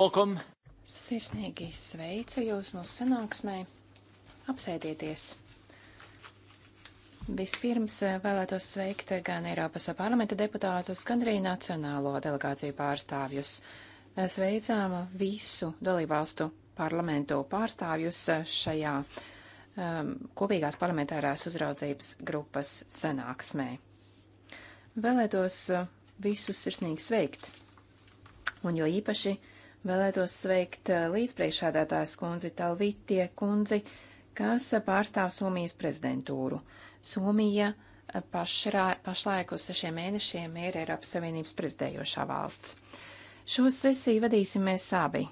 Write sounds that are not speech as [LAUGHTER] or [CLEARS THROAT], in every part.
Welcome. Sirsnīgi sveicu jūs mūsu sanāksmē. Apsēdieties. Vispirms eh, vēlētos sveikt gan Eiropas parlamenta deputātus, gan arī Nacionālo delegāciju pārstāvjus. Eh, sveicām visu dalībvalstu parlamentu pārstāvjus eh, šajā um, kopīgās parlamentārās uzraudzības grupas sanāksmē. Vēlētos visus sirsnīgi sveikt, un jo īpaši Vēlētos sveikt eh, līdzpriekšādātājs kundzi Talvitie kundzi, kas eh, pārstāv Somijas prezidentūru. Somija eh, pašrā, pašlaik uz sešiem mēnešiem ir Eiropas Savienības prezidējošā valsts. Šo sesiju vadīsim mēs abi.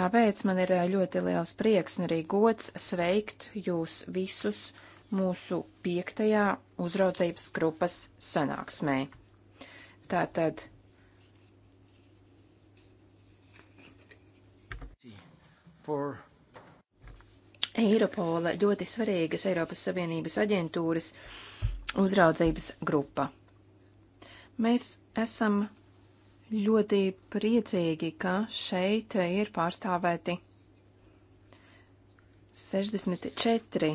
Tāpēc man ir ļoti liels prieks un arī gods sveikt jūs visus mūsu piektajā uzraudzības grupas sanāksmē. Tātad for... Eiropola ļoti svarīgas Eiropas Savienības aģentūras uzraudzības grupa. Mēs esam ļoti priecīgi, ka šeit ir pārstāvēti 64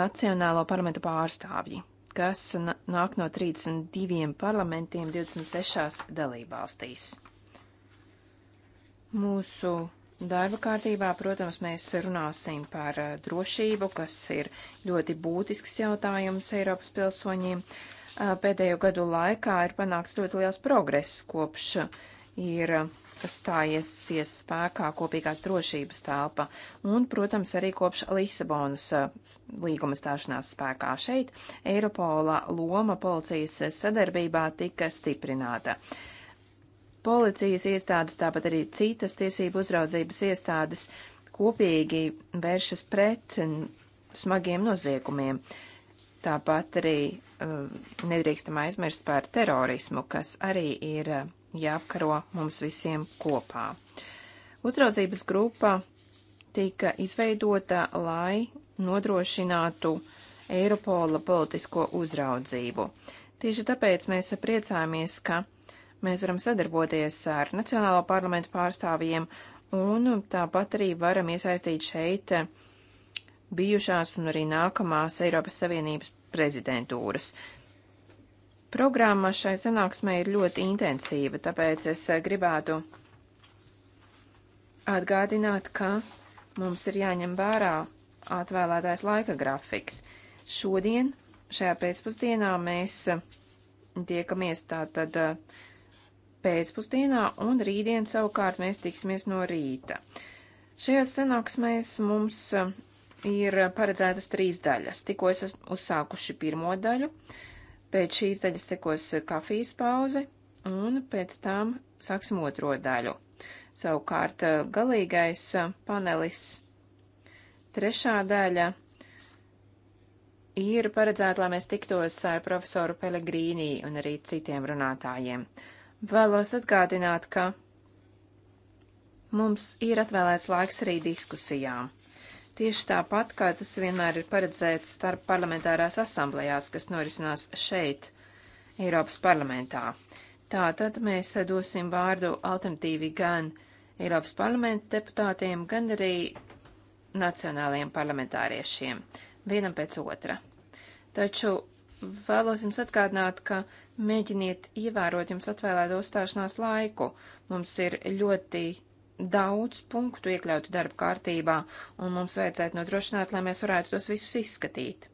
Nacionālo parlamentu pārstāvji, kas nāk no 32 parlamentiem 26 dalībvalstīs. Mūsu Darba kārtībā, protams, mēs runāsim par eh, drošību, kas ir ļoti būtisks jautājums Eiropas pilsoņiem. Eh, pēdējo gadu laikā ir panāks ļoti liels progress, kopš ir stājies spēkā kopīgās drošības telpa un, protams, arī kopš Lisabonas eh, līguma stāšanās spēkā šeit Eiropola loma policijas sadarbībā tika stiprināta. Uh, policijas iestādes, tāpat arī citas tiesību uzraudzības iestādes kopīgi vēršas pret smagiem noziegumiem. Tāpat arī uh, nedrīkstam aizmirst par terorismu, kas arī ir uh, jāapkaro mums visiem kopā. Uzraudzības grupa tika izveidota, lai nodrošinātu Eiropola politisko uzraudzību. Tieši tāpēc mēs priecāmies, ka Mēs varam sadarboties ar Nacionālo parlamentu pārstāvjiem un tāpat arī varam iesaistīt šeit bijušās un arī nākamās Eiropas Savienības prezidentūras. Programma šai sanāksmē ir ļoti intensīva, tāpēc es gribētu atgādināt, ka mums ir jāņem vērā atvēlētais laika grafiks. Šodien, šajā pēcpusdienā, mēs tiekamies tātad pēcpusdienā, un rītdien savukārt mēs tiksimies no rīta. Šajās sanāksmēs mums uh, ir paredzētas trīs daļas. Tikko es uzsākuši pirmo daļu, pēc šīs daļas sekos kafijas pauze, un pēc tam sāksim otro daļu. Savukārt uh, galīgais uh, panelis, trešā daļa ir paredzēta, lai mēs tiktos ar profesoru Pelegrīnī un arī citiem runātājiem. Vēlos atgādināt, ka mums ir atvēlēts laiks arī diskusijām. Tieši tāpat, kā tas vienmēr ir paredzēts starp parlamentārās asamblējās, kas norisinās šeit, Eiropas parlamentā. Tātad mēs dosim vārdu alternatīvi gan Eiropas parlamenta deputātiem, gan arī nacionālajiem parlamentāriešiem, vienam pēc otra. Taču Vēlos jums atgādināt, ka mēģiniet ievērot jums atvēlēto uzstāšanās laiku. Mums ir ļoti daudz punktu iekļautu darba kārtībā, un mums vajadzētu nodrošināt, lai mēs varētu tos visus izskatīt.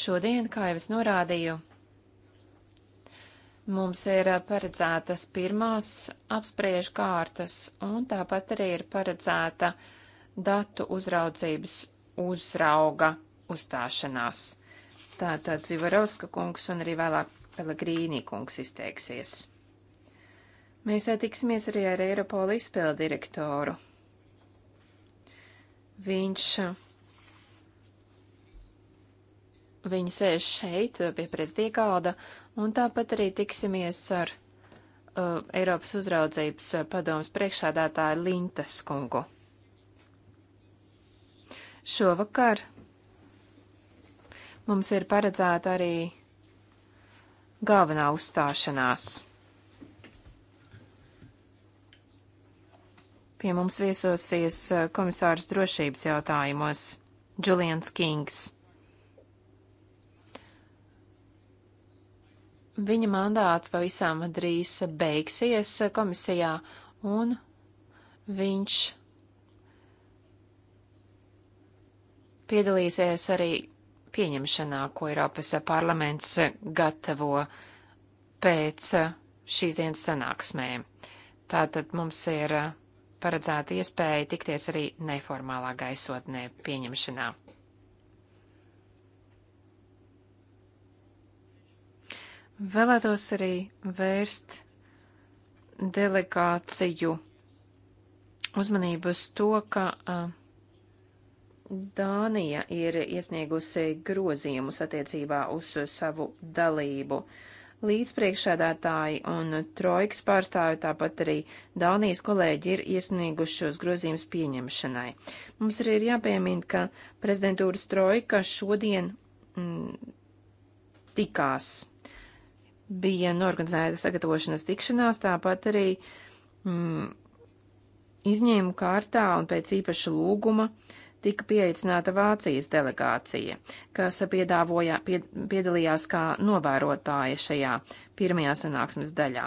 Šodien, kā jau es norādīju, mums ir paredzētas pirmās apspriežu kārtas, un tāpat arī ir paredzēta datu uzraudzības uzrauga uzstāšanās. Tātad Vivarovska kungs un arī vēlāk Pelegrīnī kungs izteiksies. Mēs tiksimies arī ar Eiropola izpildu direktoru. Viņš Viņi sēž šeit pie prezidija galda, un tāpat arī tiksimies ar uh, Eiropas uzraudzības padomas priekšādātāju Lintas kungu. Šovakar Mums ir paredzēta arī galvenā uzstāšanās. Pie mums viesosies eh, komisārs drošības jautājumos Julians Kings. Viņa mandāts pavisam drīz beigsies komisijā, un viņš piedalīsies arī pieņemšanā, ko Eiropas parlaments gatavo pēc šīs dienas sanāksmēm. Tātad mums ir paredzēta iespēja tikties arī neformālā gaisotnē pieņemšanā. Vēlētos arī vērst delegāciju uzmanību uz to, ka uh, Dānija ir iesniegusi grozījumus attiecībā uz savu dalību. Līdzpriekšādātāji un trojkas pārstāvi, tāpat arī Dānijas kolēģi ir iesnieguši šos grozījumus pieņemšanai. Mums arī ir jāpiemina, ka prezidentūras trojka šodien mm, tikās. Bija norganizēta sagatavošanas tikšanās, tāpat arī mm, izņēmu kārtā un pēc īpaša lūguma uh, tika pieaicināta Vācijas delegācija, kas piedāvoja, pied, piedalījās kā novērotāja šajā pirmajā sanāksmes daļā.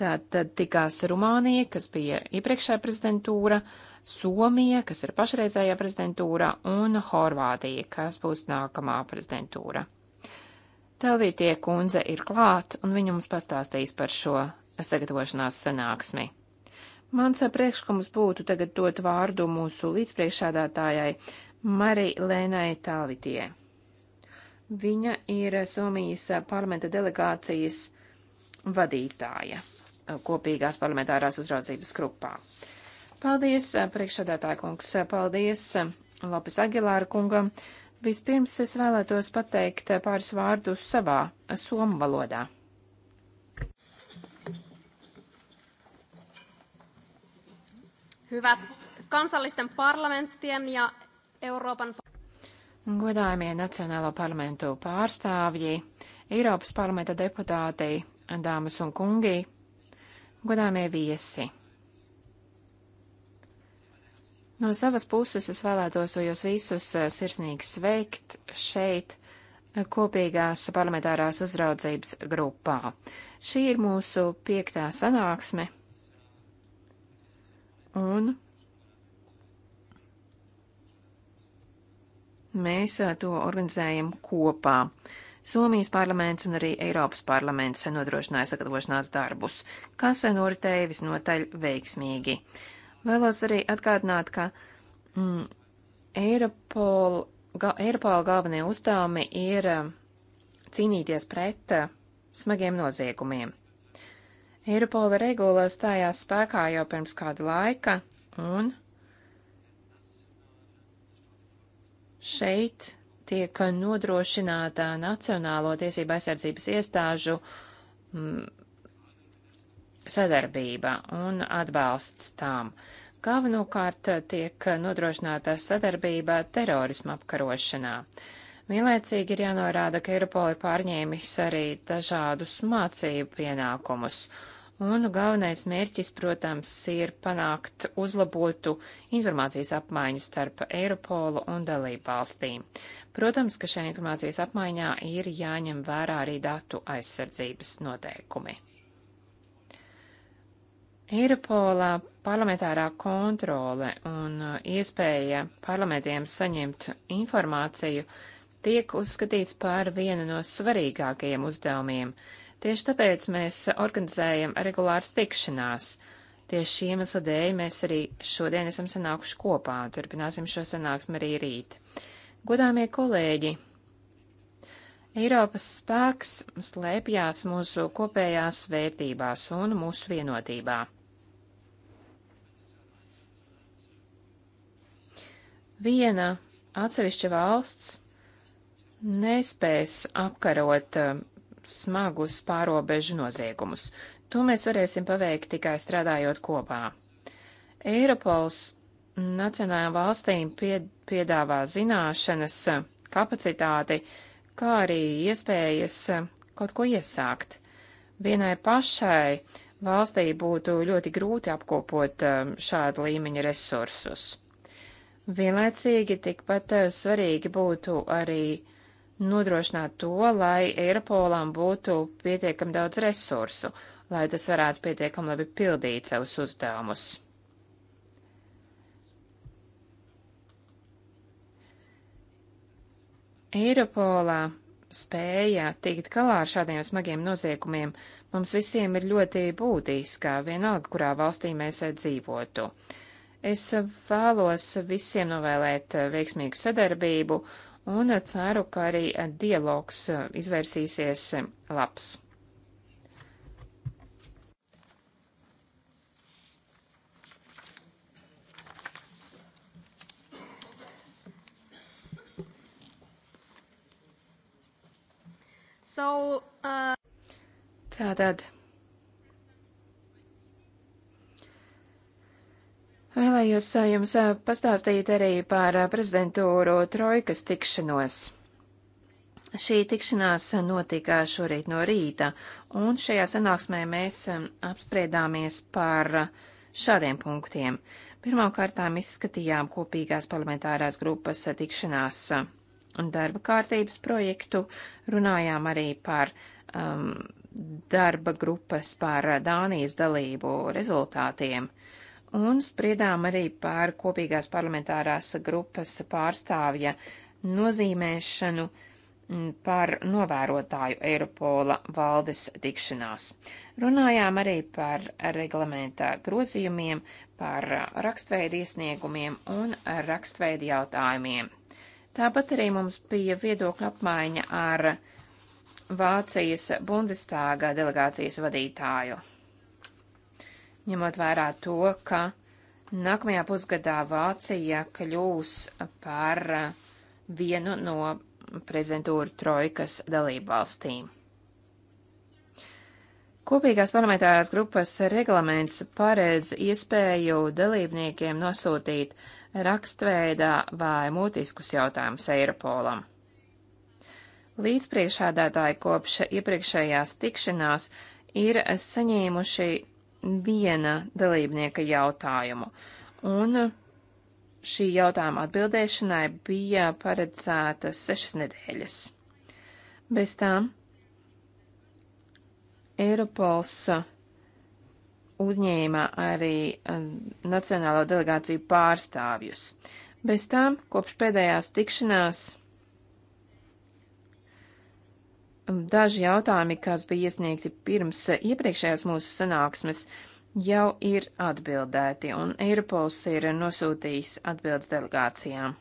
Tad, tad tikās Rumānija, kas bija iepriekšējā prezidentūra, Somija, kas ir pašreizējā prezidentūra, un Horvātija, kas būs nākamā prezidentūra. Telvītie kundze ir klāt, un viņa mums pastāstīs par šo sagatavošanās sanāksmi. Mans priekšlikums būtu tagad dot vārdu mūsu līdzpriekšādātājai Marijai Lēnai Talvitie. Viņa ir Somijas parlamenta delegācijas vadītāja kopīgās parlamentārās uzraudzības grupā. Paldies, priekšsādātāja kungs, paldies Lopes Agilāra kungam. Vispirms es vēlētos pateikt pāris vārdus savā somu valodā. Hyvät kansallisten parlamenttien ja Euroopan Godājumie Nacionālo parlamentu pārstāvji, Eiropas parlamenta deputāti, dāmas un kungi, godājumie viesi. No savas puses es vēlētos jūs visus eh, sirsnīgi sveikt šeit, eh, kopīgās parlamentārās uzraudzības grupā. Šī ir mūsu piektā sanāksme un mēs to organizējam kopā. Somijas parlaments un arī Eiropas parlaments nodrošināja sagatavošanās darbus, kas noritēja visnotaļ veiksmīgi. Vēlos arī atgādināt, ka mm, Eiropola ga, Eiropol galvenie uzdevumi ir cīnīties pret smagiem noziegumiem. Eiropola regula stājās spēkā jau pirms kāda laika, un šeit tiek nodrošināta Nacionālo tiesību aizsardzības iestāžu mm, sadarbība un atbalsts tām. Galvenokārt tiek nodrošināta sadarbība terorisma apkarošanā. Vienlaicīgi ir jānorāda, ka Eiropola ir pārņēmis arī dažādus mācību pienākumus. Uh, Un galvenais mērķis, protams, ir panākt uzlabotu informācijas apmaiņu starp Eiropolu un dalību valstīm. Protams, ka šajā informācijas apmaiņā ir jāņem vērā arī datu aizsardzības noteikumi. Eiropolā parlamentārā kontrole un iespēja parlamentiem saņemt informāciju tiek uzskatīts par vienu no svarīgākajiem uzdevumiem, Tieši tāpēc mēs organizējam regulāras tikšanās. Tieši šī iemesla dēļ mēs arī šodien esam sanākuši kopā un turpināsim šo sanāksmi arī rīt. Godāmie kolēģi, Eiropas spēks slēpjās mūsu kopējās vērtībās un mūsu vienotībā. Viena atsevišķa valsts nespēs apkarot um, smagus pārobežu noziegumus. To mēs varēsim paveikt tikai strādājot kopā. Eiropols nacionālajām valstīm piedāvā zināšanas, kapacitāti, kā arī iespējas kaut ko iesākt. Vienai pašai valstī būtu ļoti grūti apkopot um, šāda līmeņa resursus. Vienlaicīgi tikpat uh, svarīgi būtu arī nodrošināt to, lai Eiropolām būtu pietiekami daudz resursu, lai tas varētu pietiekami labi pildīt savus uzdevumus. Eiropolā spēja tikt galā ar šādiem smagiem noziegumiem mums visiem ir ļoti būtiska, vienalga, kurā valstī mēs dzīvotu. Es vēlos visiem novēlēt veiksmīgu sadarbību un ceru, ka arī dialogs eh, izvērsīsies eh, labs. So, uh... Tātad. Vēlējos jums pastāstīt arī par prezidentūru trojkas tikšanos. Šī tikšanās notika šorīt no rīta, un šajā sanāksmē mēs apspriedāmies par šādiem punktiem. Pirmkārtām izskatījām kopīgās parlamentārās grupas tikšanās darba kārtības projektu, runājām arī par um, darba grupas par Dānijas dalību rezultātiem un spriedām arī par kopīgās parlamentārās grupas pārstāvja nozīmēšanu mm, par novērotāju Eiropola valdes tikšanās. Runājām arī par reglamenta grozījumiem, par rakstveidu iesniegumiem un rakstveidu jautājumiem. Tāpat arī mums bija viedokļa apmaiņa ar Vācijas Bundestāga delegācijas vadītāju ņemot vērā to, ka nākamajā pusgadā Vācija kļūs par vienu no prezidentūra trojkas dalību valstīm. Kopīgās parlamentārās grupas reglaments paredz iespēju dalībniekiem nosūtīt rakstveidā vai mutiskus jautājumus Eiropolam. Līdzpriekšādātāji kopš iepriekšējās tikšanās ir saņēmuši viena dalībnieka jautājumu, un šī jautājuma atbildēšanai bija paredzētas sešas nedēļas. Bez tām Eiropols uzņēma arī um, Nacionālo delegāciju pārstāvjus. Bez tām, kopš pēdējās tikšanās Daži jautājumi, kas bija iesniegti pirms iepriekšējās mūsu sanāksmes, jau ir atbildēti, un Eiropols ir nosūtījis atbildes delegācijām.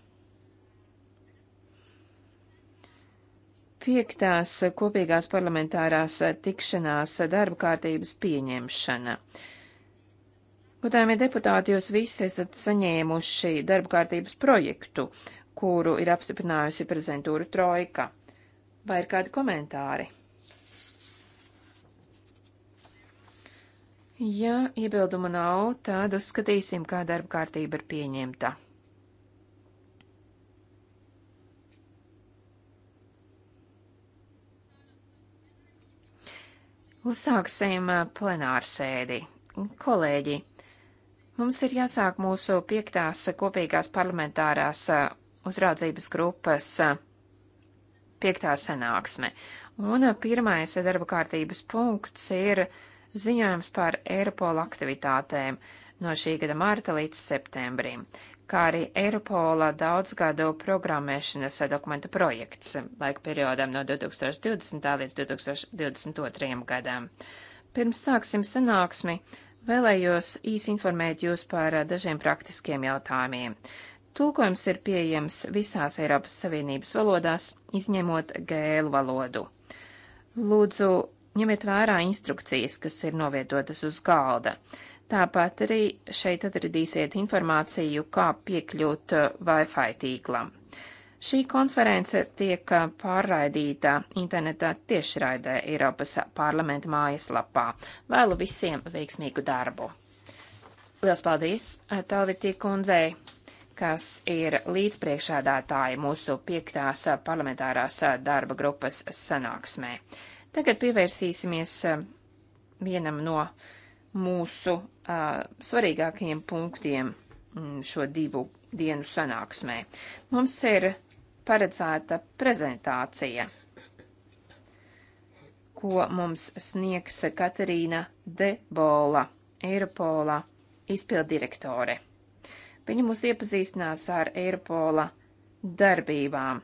Piektās kopīgās parlamentārās tikšanās darba kārtības pieņemšana. Godājumie deputāti, jūs visi esat saņēmuši darba kārtības projektu, kuru ir apstiprinājusi prezentūra Trojka. Vai ir kādi komentāri? Ja iebildumu nav, tad uzskatīsim, kā darba kārtība ir pieņemta. Uzsāksim uh, plenārsēdi. Kolēģi, mums ir jāsāk mūsu piektās kopīgās parlamentārās uh, uzraudzības grupas uh, piektā sanāksme. Un uh, pirmais darba kārtības punkts ir ziņojums par Eiropola aktivitātēm no šī gada mārta līdz septembrim, kā arī Eiropola daudzgadu programmēšanas dokumenta projekts laika periodam no 2020. līdz 2022. gadam. Pirms sāksim sanāksmi, vēlējos īsi informēt jūs par uh, dažiem praktiskiem jautājumiem. Tulkojums ir pieejams visās Eiropas Savienības valodās, izņemot gēlu valodu. Lūdzu, ņemiet vērā instrukcijas, kas ir novietotas uz galda. Tāpat arī šeit atradīsiet informāciju, kā piekļūt uh, Wi-Fi tīklam. Šī konference tiek uh, pārraidīta internetā tiešraidē Eiropas parlamenta mājaslapā. Vēlu visiem veiksmīgu darbu! Lielas paldies, uh, Talvitī kundzei! kas ir līdzpriekšādātāji mūsu piektās parlamentārās darba grupas sanāksmē. Tagad pievērsīsimies eh, vienam no mūsu uh, svarīgākajiem punktiem mm, šo divu dienu sanāksmē. Mums ir paredzēta prezentācija, ko mums sniegs Katerīna Debola, Eiropola izpildirektore. Viņi mūs iepazīstinās ar Eiropola darbībām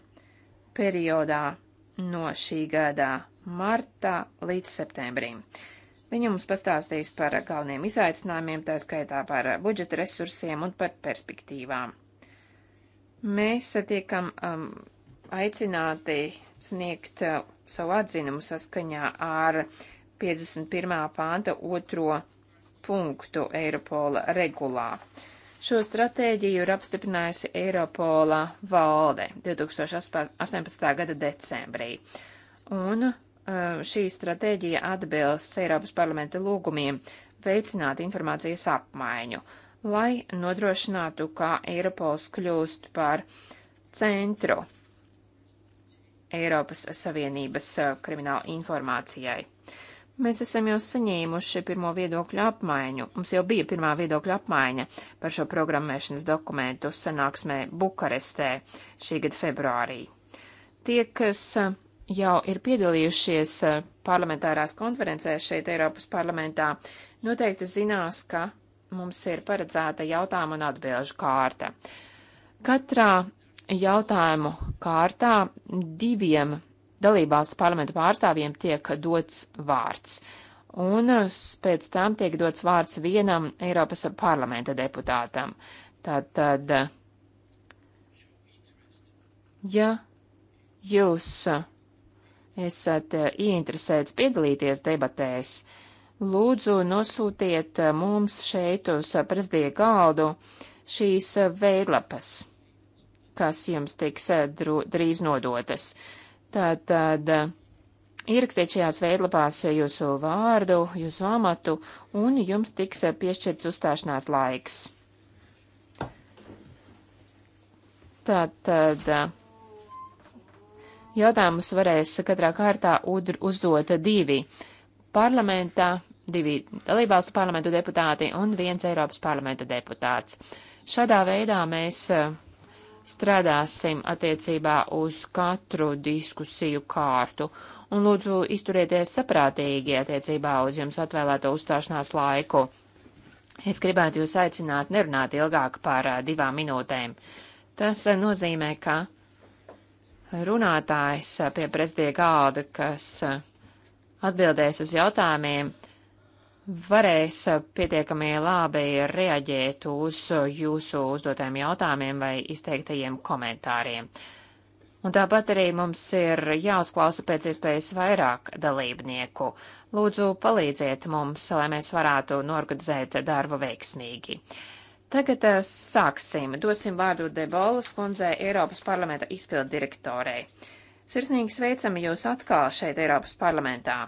periodā no šī gada marta līdz septembrim. Viņi mums pastāstīs par galveniem izaicinājumiem, tā skaitā par budžeta resursiem un par perspektīvām. Mēs tiekam um, aicināti sniegt uh, savu atzinumu saskaņā ar 51. pānta otro punktu Eiropola regulā. Uh, Šo stratēģiju ir apstiprinājusi Eiropola valde 2018. gada decembrī. Un uh, šī stratēģija atbilst Eiropas parlamenta lūgumiem veicināt informācijas apmaiņu, lai nodrošinātu, ka Eiropols kļūst par centru Eiropas Savienības uh, krimināla informācijai. Mēs esam jau saņēmuši pirmo viedokļu apmaiņu. Mums jau bija pirmā viedokļa apmaiņa par šo programmēšanas dokumentu sanāksmē Bukarestē šī gada februārī. Tie, kas jau ir piedalījušies parlamentārās konferencēs šeit Eiropas parlamentā, noteikti zinās, ka mums ir paredzēta jautājumu un atbilžu kārta. Katrā jautājumu kārtā diviem dalībvalstu parlamentu pārstāvjiem tiek dots vārds. Un uh, pēc tam tiek dots vārds vienam Eiropas parlamenta deputātam. Tātad, uh, ja jūs uh, esat ieinteresēts piedalīties debatēs, lūdzu nosūtiet mums šeit uz prezidija galdu šīs veidlapas, kas jums tiks drīz nodotas. Tātad eh, ierakstiet šajās veidlapās jūsu vārdu, jūsu amatu, un jums tiks eh, piešķirts uzstāšanās laiks. Tātad eh, jautājumus varēs katrā kārtā uzdot divi parlamentā, divi dalībvalstu parlamentu deputāti un viens Eiropas parlamenta deputāts. Šādā veidā mēs uh, strādāsim attiecībā uz katru diskusiju kārtu. Un lūdzu, izturieties saprātīgi attiecībā uz jums atvēlēto uzstāšanās laiku. Es gribētu jūs aicināt nerunāt ilgāk par divām minūtēm. Tas nozīmē, ka runātājs pie prezidija galda, kas atbildēs uz jautājumiem, varēs eh, pietiekami labi reaģēt uz jūsu uzdotajiem jautājumiem vai izteiktajiem komentāriem. Un tāpat arī mums ir jāuzklausa pēc iespējas vairāk dalībnieku. Lūdzu, palīdziet mums, lai mēs varētu norganizēt darbu veiksmīgi. Tagad eh, sāksim. Dosim vārdu Debolas kundzei, Eiropas parlamenta izpildu direktorei. Sirsnīgi sveicam jūs atkal šeit Eiropas parlamentā.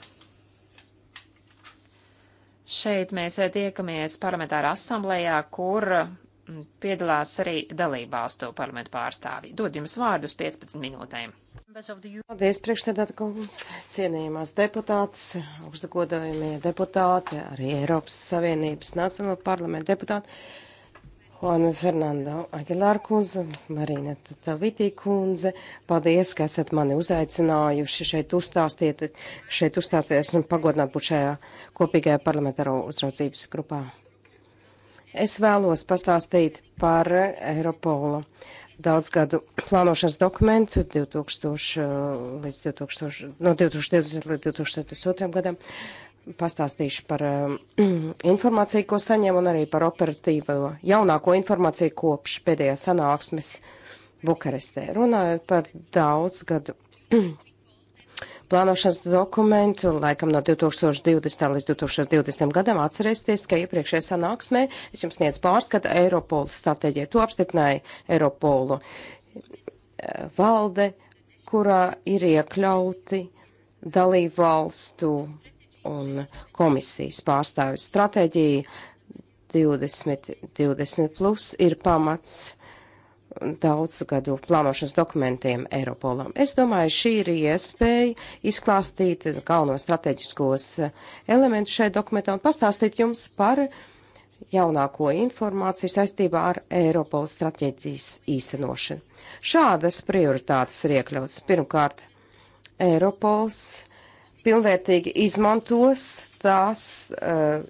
Šeit mēs tiekamies parlamentāra asamblējā, kur mm, piedalās arī dalībvalstu parlamentu pārstāvji. Dod jums vārdus 15 minūtēm. Paldies, priekšstādāta kungs, cienījumās deputātas, augstakodojumie deputāti, arī Eiropas Savienības Nacionāla parlamenta deputāti. Juana Fernando Aguilar kundze, Marina Tavitī kundze, paldies, ka esat mani uzaicinājuši šeit uzstāstiet, šeit uzstāstiet, esmu pagodināt būt šajā kopīgajā parlamentāro uzraudzības grupā. Es vēlos pastāstīt par Eiropolu daudzgadu plānošanas dokumentu 2000 līdz 2000, no 2020 līdz 2022 gadam pastāstīšu par um, [CLEARS THROAT] informāciju, ko saņem, un arī par operatīvo jaunāko informāciju kopš pēdējā sanāksmes Bukarestē. Runājot par daudz gadu [CLEARS THROAT] plānošanas dokumentu, laikam no 2020. līdz 2020. gadam, atcerēsieties, ka iepriekšējā sanāksmē es jums sniedzu pārskatu Eiropola stratēģiju. To apstiprināja Eiropolu eh, valde, kurā ir iekļauti dalību valstu un komisijas pārstāvju stratēģija 2020 plus ir pamats daudz gadu plānošanas dokumentiem Eiropolam. Es domāju, šī ir iespēja izklāstīt galveno strateģiskos elementus šai dokumentā un pastāstīt jums par jaunāko informāciju saistībā ar Eiropola strateģijas īstenošanu. Šādas prioritātes ir iekļauts. Pirmkārt, Eiropols pilnvērtīgi izmantos tās uh,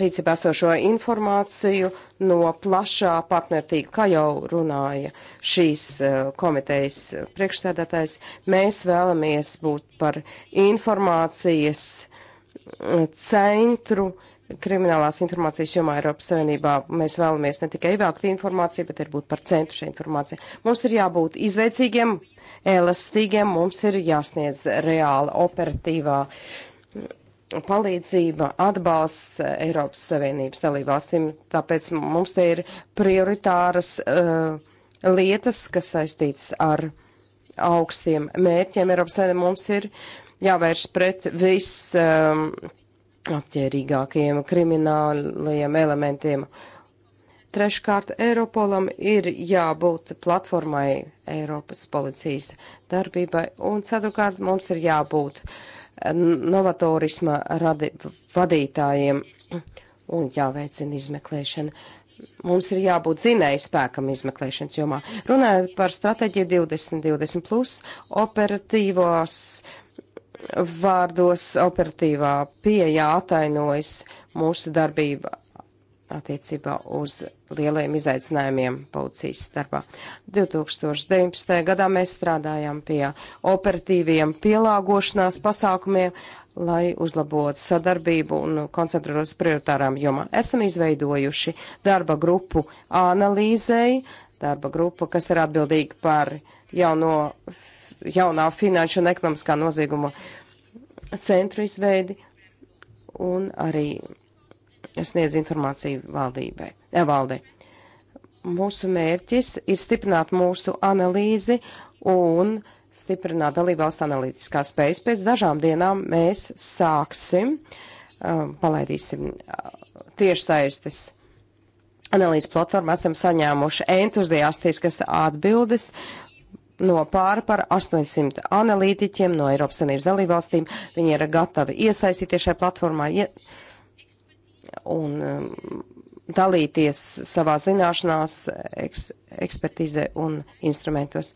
rīcībā esošo informāciju no plašā partnertīga, kā jau runāja šīs uh, komitejas priekšsēdētājs. Mēs vēlamies būt par informācijas eh, centru kriminālās informācijas jomā Eiropas Savienībā. Mēs vēlamies ne tikai ievākt informāciju, bet arī būt par centru šai informācijai. Mums ir jābūt izveicīgiem, uh, elastīgiem, mums ir jāsniedz reāla operatīvā palīdzība, atbalsts Eiropas Savienības dalībvalstīm. Tāpēc mums te ir prioritāras uh, lietas, kas saistītas ar augstiem mērķiem. Eiropas Savienība mums ir jāvērš pret vis. Um, eh, apģērīgākajiem kriminālajiem elementiem Treškārt, Eiropolam ir jābūt platformai Eiropas policijas darbībai, un ceturkārt, mums ir jābūt novatorisma radi, vadītājiem un jāveicina izmeklēšana. Mums ir jābūt zinēja spēkam izmeklēšanas jomā. Runājot par stratēģiju 2020, plus, operatīvos vārdos operatīvā pieeja atainojas mūsu darbība attiecībā uz lieliem izaicinājumiem policijas starpā. 2019. gadā mēs strādājām pie operatīviem pielāgošanās pasākumiem, lai uzlabotu sadarbību un koncentrētos prioritārām jomām. Esam izveidojuši darba grupu analīzei, darba grupa, kas ir atbildīga par jauno, jaunā finanšu un ekonomiskā nozieguma centru izveidi un arī sniedz informāciju valdībai, eh, valdei. Mūsu mērķis ir stiprināt mūsu analīzi un stiprināt dalībvalsts analītiskās spējas. Pēc dažām dienām mēs sāksim, um, palaidīsim uh, tiešsaistes analīzes platformu. Esam saņēmuši entuziastiskas atbildes no pāri par 800 analītiķiem no Eiropas Savienības dalībvalstīm. Viņi ir gatavi iesaistīties šajā platformā. Ja un um, dalīties savā zināšanās, eks, ekspertīzē un instrumentos.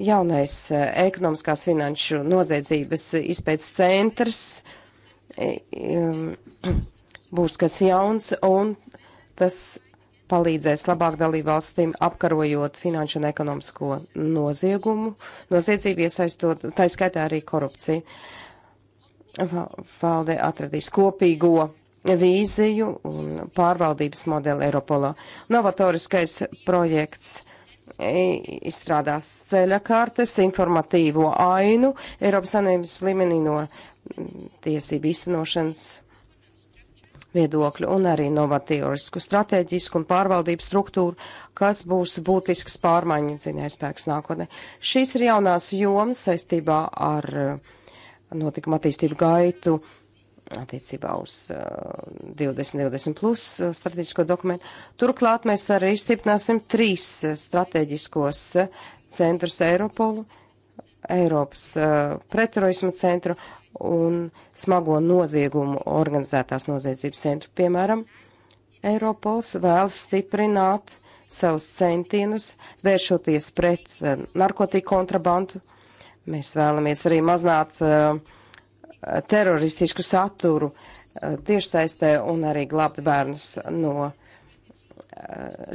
Jaunais uh, ekonomiskās finanšu noziedzības izpētes centrs um, [CLEARS THROAT] būs kas jauns un tas palīdzēs labāk dalībvalstīm apkarojot finanšu un ekonomisko noziegumu, noziedzību iesaistot, tā skaitā arī korupciju. Valde atradīs kopīgo vīziju un pārvaldības modeli Eiropolā. Novatoriskais projekts e, izstrādās ceļa kartes, informatīvo ainu Eiropas Sanības līmenī no tiesību īstenošanas viedokļu un arī novatorisku strateģisku un pārvaldības struktūru, kas būs būtisks pārmaiņu zinājspēks nākotnē. Šīs ir jaunās jomas saistībā ar e, notikuma attīstību gaitu, uh, attiecībā uz 2020 eh, plus eh, strateģisko dokumentu. Turklāt mēs arī stiprināsim trīs eh, strateģiskos centrus Eiropolu, Eiropas pretterorisma centru un smago noziegumu organizētās noziedzības centru. Piemēram, Eiropols vēlas stiprināt savus centienus, vēršoties pret narkotiku kontrabandu. Mēs vēlamies arī maznāt uh, teroristisku saturu eh, tiešsaistē un arī glābt bērnus no eh,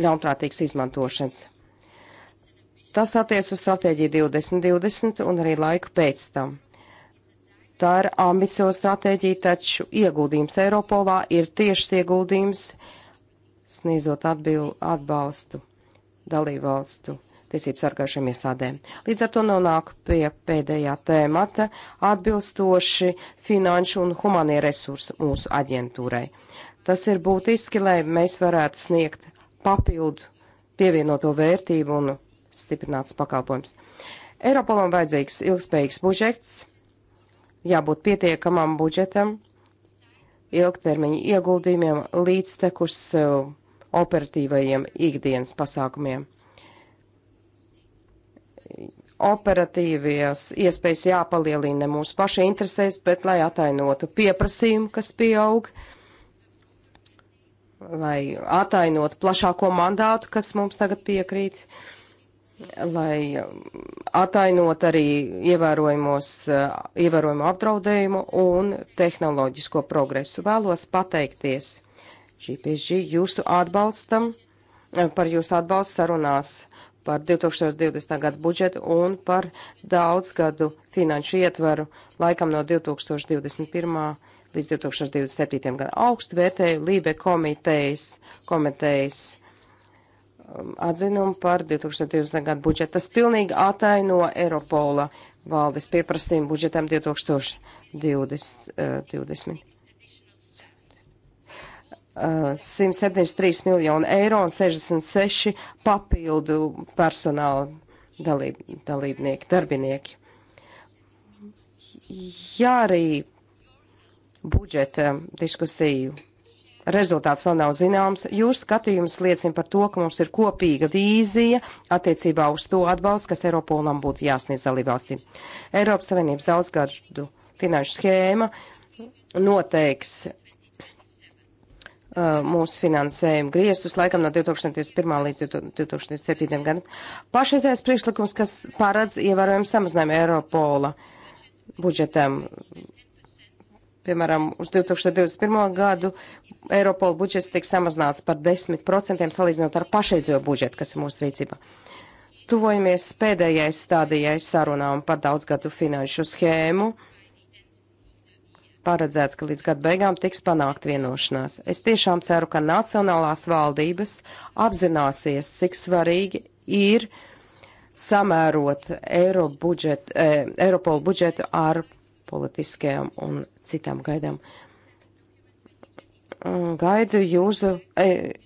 ļaunprātīgas izmantošanas. Tas attiec uz stratēģiju 2020 un arī laiku pēc tam. Tā ir ambicioza stratēģija, taču ieguldījums Eiropolā ir tiešs ieguldījums, sniedzot atbil, atbalstu dalībvalstu tiesību sargājušiem iestādēm. Līdz ar to nonāk pie pēdējā tēmata - atbilstoši finanšu un humanie resursi mūsu aģentūrai. Tas ir būtiski, lai mēs varētu sniegt papildu pievienoto vērtību un stiprināts pakalpojums. Eiropolam vajadzīgs ilgspējīgs budžets, jābūt pietiekamam budžetam, ilgtermiņa ieguldījumiem līdz tekus eh, operatīvajiem ikdienas pasākumiem operatīvajās iespējas jāpalielina ne mūsu paša interesēs, bet lai atainotu pieprasījumu, kas pieaug, lai atainotu plašāko mandātu, kas mums tagad piekrīt, lai um, atainot arī ievērojamos, uh, ievērojumu apdraudējumu un tehnoloģisko progresu. Vēlos pateikties GPG jūsu atbalstam, uh, par jūsu atbalstu sarunās par 2020. gadu budžetu un par daudzgadu finanšu ietvaru laikam no 2021. līdz 2027. gadam. Augstu vērtēju Lībe komitejas, komitejas um, atzinumu par 2020. gadu budžetu. Tas pilnīgi ataino Eiropola valdes pieprasījumu budžetam 2020. 173 uh, miljonu eiro un 66 papildu personāla dalīb, dalībnieki, darbinieki. Jā, arī budžeta diskusiju rezultāts vēl nav zināms. Jūsu skatījums liecina par to, ka mums ir kopīga vīzija attiecībā uz to atbalstu, kas Eiropolam būtu jāsniedz dalībvalstīm. Eiropas Savienības daudzgadu finanšu schēma noteiks Uh, mūsu finansējumu griestus, laikam no 2021. līdz 2027. gadam. Pašreizējais priekšlikums, kas paredz ievērojumu samazinājumu Eiropola budžetam, piemēram, uz 2021. gadu Eiropola budžets tiek samazināts par 10% salīdzinot ar pašreizējo budžetu, kas ir mūsu rīcībā. Tuvojamies pēdējai stādījai sarunām par daudzgadu finanšu schēmu paredzēts, ka līdz gada beigām tiks panākt vienošanās. Es tiešām ceru, ka nacionālās valdības apzināsies, cik svarīgi ir samērot Eiro budžetu, eh, Eiropolu budžetu ar politiskajām un citām gaidām. Gaidu jūsu eh,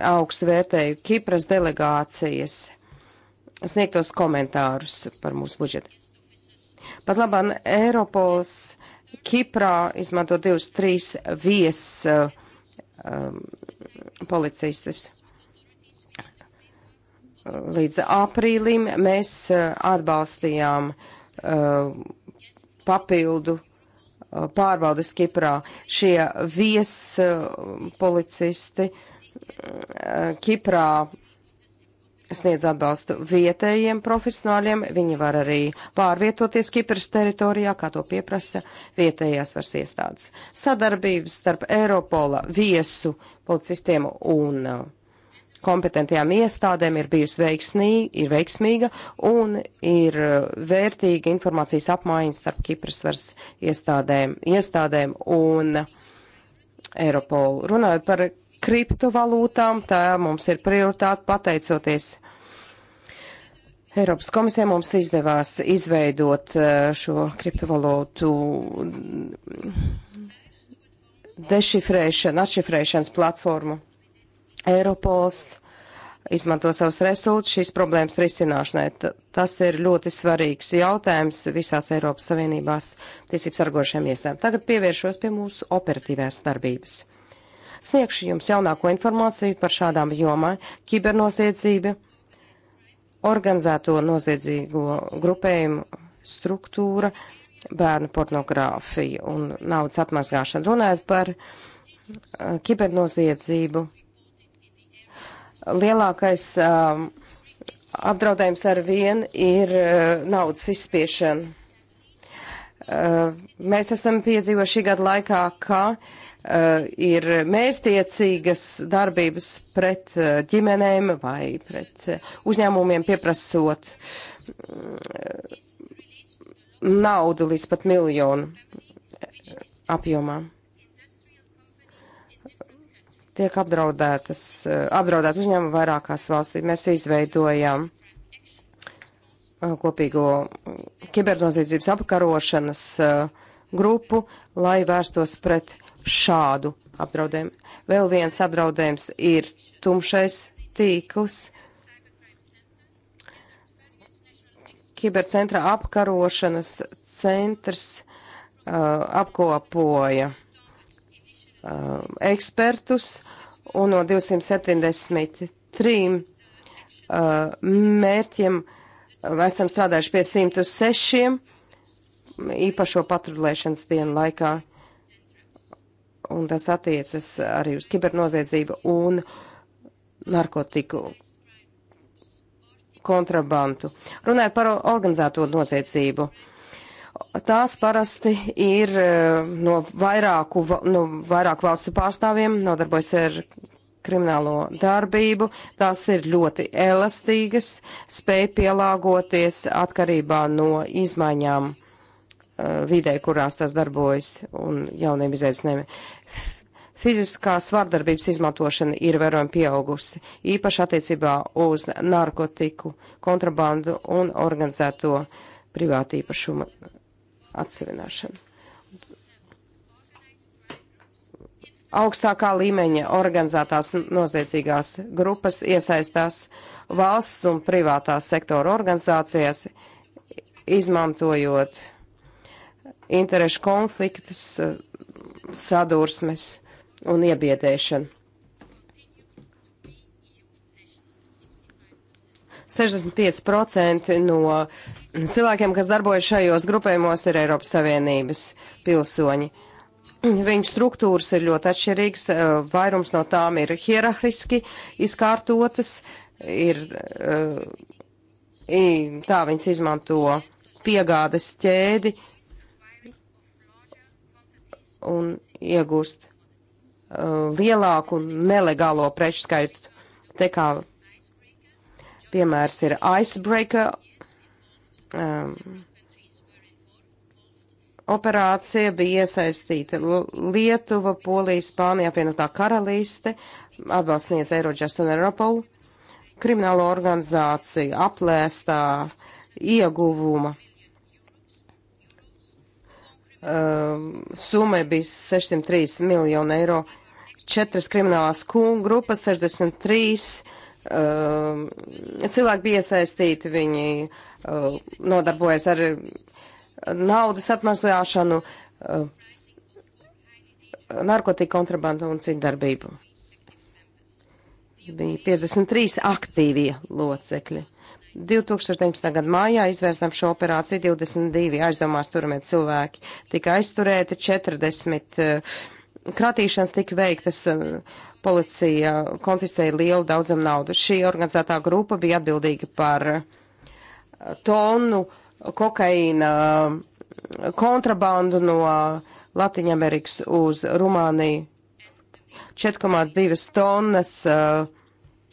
augstu vērtēju Kipras delegācijas sniegtos komentārus par mūsu budžetu. Pat labāk Eiropols Kiprā izmanto divus, trīs vies uh, um, policistus. Līdz aprīlim mēs uh, atbalstījām uh, papildu uh, pārbaudas Kiprā. Šie vies uh, policisti uh, Kiprā sniedz atbalstu vietējiem profesionāļiem, viņi var arī pārvietoties Kipras teritorijā, kā to pieprasa vietējās varas iestādes. Sadarbības starp Eiropola viesu policistiem un uh, kompetentajām iestādēm ir bijusi veiksmīga, ir veiksmīga un ir uh, vērtīga informācijas apmaiņa starp Kipras varas iestādēm, iestādēm un Eiropolu. Runājot par kriptovalūtām. Tā mums ir prioritāte pateicoties. Eiropas komisija mums izdevās izveidot eh, šo kriptovalūtu dešifrēšanu, atšifrēšanas platformu. Eiropols izmanto savus resursus šīs problēmas risināšanai. T tas ir ļoti svarīgs jautājums visās Eiropas Savienībās tiesības argošiem iestādēm. Tagad pievēršos pie mūsu operatīvās darbības. Sniegšu jums jaunāko informāciju par šādām jomām - kibernoziedzība, organizēto noziedzīgo grupējumu struktūra, bērnu pornogrāfija un naudas atmazgāšana. Runājot par eh, kibernoziedzību, lielākais um, apdraudējums ar vienu ir uh, naudas izspiešana. Uh, mēs esam piedzīvojuši šī gada laikā, ka uh, uh, ir mērstiecīgas darbības pret uh, ģimenēm vai pret uh, uzņēmumiem pieprasot uh, naudu līdz pat miljonu apjomā. Tiek apdraudētas, uh, apdraudēt uzņēmumu vairākās valstīs. Mēs izveidojam uh, kopīgo mm, kibernoziedzības apkarošanas uh, grupu, lai vērstos pret uh, šādu apdraudējumu. Vēl viens apdraudējums ir tumšais tīkls. Kibercentra apkarošanas centrs uh, apkopoja uh, ekspertus un no 273 uh, mērķiem uh, esam strādājuši pie 106 īpašo patrulēšanas dienu laikā un tas attiecas arī uz kibernoziedzību un narkotiku kontrabantu. Runājot par organizēto noziedzību, tās parasti ir eh, no vairāku, no vairāku valstu pārstāvjiem, nodarbojas ar kriminālo darbību, tās ir ļoti elastīgas, spēj pielāgoties atkarībā no izmaiņām Uh, vidē, kurās tas darbojas, un jauniem izaicinājumiem. Fiziskās vardarbības izmantošana ir vērojami pieaugusi, īpaši attiecībā uz narkotiku, kontrabandu un organizēto privātu īpašumu atsevināšanu. Augstākā līmeņa organizētās noziedzīgās grupas iesaistās valsts un privātās sektora organizācijās, izmantojot uh, interešu konfliktus, sadursmes un iebiedēšanu. 65% no cilvēkiem, kas darbojas šajos grupējumos, ir Eiropas Savienības pilsoņi. Viņu struktūras ir ļoti atšķirīgas, eh, vairums no tām ir hierarhiski izkārtotas, ir, eh, tā viņas izmanto piegādes ķēdi, un iegūst uh, lielāku nelegālo preču skaitu. Te kā piemērs ir Icebreaker um, operācija, bija iesaistīta Lietuva, Polija, Spānija, apvienotā karalīste, atbalstniec Eirodžest un Europolu. Krimināla organizācija aplēstā ieguvuma Um, summai bija 603 miljoni eiro. Četras kriminālās grupas, 63 uh, um, cilvēki bija iesaistīti, viņi uh, nodarbojas ar uh, naudas atmazgāšanu, uh, narkotika kontrabandu un citu darbību. Bija 53 aktīvie locekļi. 2019. gada mājā izvērsām šo operāciju 22 aizdomās turmēt cilvēki. Tika aizturēti 40 eh, kratīšanas tika veiktas, eh, policija konfiscēja lielu daudzam naudu. Šī organizētā grupa bija atbildīga par eh, tonu kokaīna kontrabandu no Latviņamerikas uz Rumāniju. 4,2 tonnas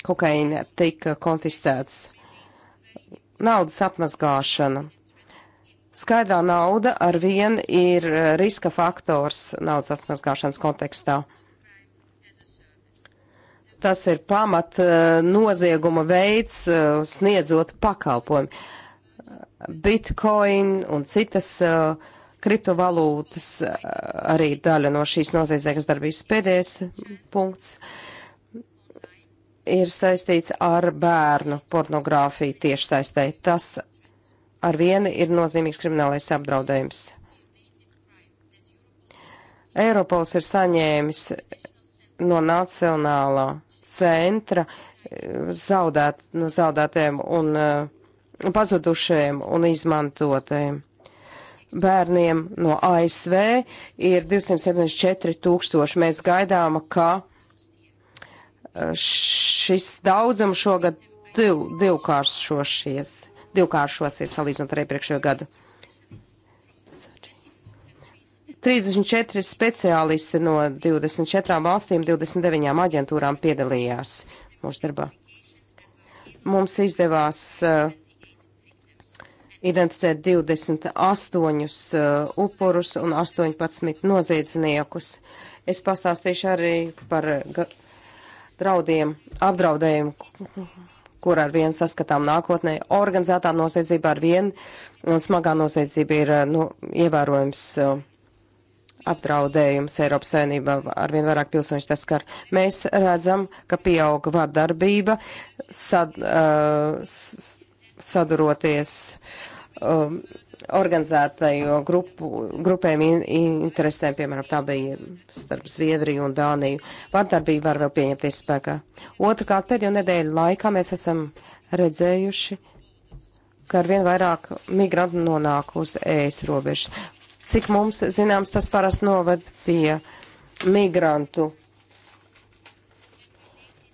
kokaīna tika konfiscētas naudas apmazgāšana. Skaidrā nauda ar vien ir eh, riska faktors naudas apmazgāšanas kontekstā. Tas ir pamat eh, nozieguma veids, eh, sniedzot pakalpojumu. Bitcoin un citas uh, kriptovalūtas arī daļa no šīs noziedzīgas darbības pēdējais punkts. Uh, ir saistīts ar bērnu pornogrāfiju tieši saistē. Tas ar vienu ir nozīmīgs kriminālais apdraudējums. Eiropols ir saņēmis no Nacionālā centra eh, zaudēt, no zaudētiem un uh, pazudušajiem un izmantotajiem bērniem no ASV ir 274 tūkstoši. Mēs gaidām, ka Eh, šis daudzums šogad div, divkāršosies, divkāršosies salīdzinot ar iepriekšējo gadu. 34 speciālisti no 24 valstīm, 29 aģentūrām piedalījās mūsu darbā. Mums izdevās uh, identificēt 28 uh, eh, upurus un 18 noziedzniekus. Es pastāstīšu arī par. Uh, draudiem, apdraudējumu, kur ar vienu saskatām nākotnē. Organizētā noziedzība ar vienu un smagā noziedzība ir eh, nu, ievērojams eh, apdraudējums Eiropas saimnībā ar vien vairāk pilsoņus tas skar. Mēs redzam, ka pieauga vardarbība, sad, uh, saduroties. Uh, organizētajo grupu, grupēm interesēm, piemēram, tā bija starp Zviedriju un Dāniju. Vardarbība var vēl pieņemties spēkā. Otrakārt, pēdējo nedēļu laikā mēs esam redzējuši, ka arvien vairāk migrantu nonāk uz ēs robežas. Cik mums zināms, tas parasti noved pie migrantu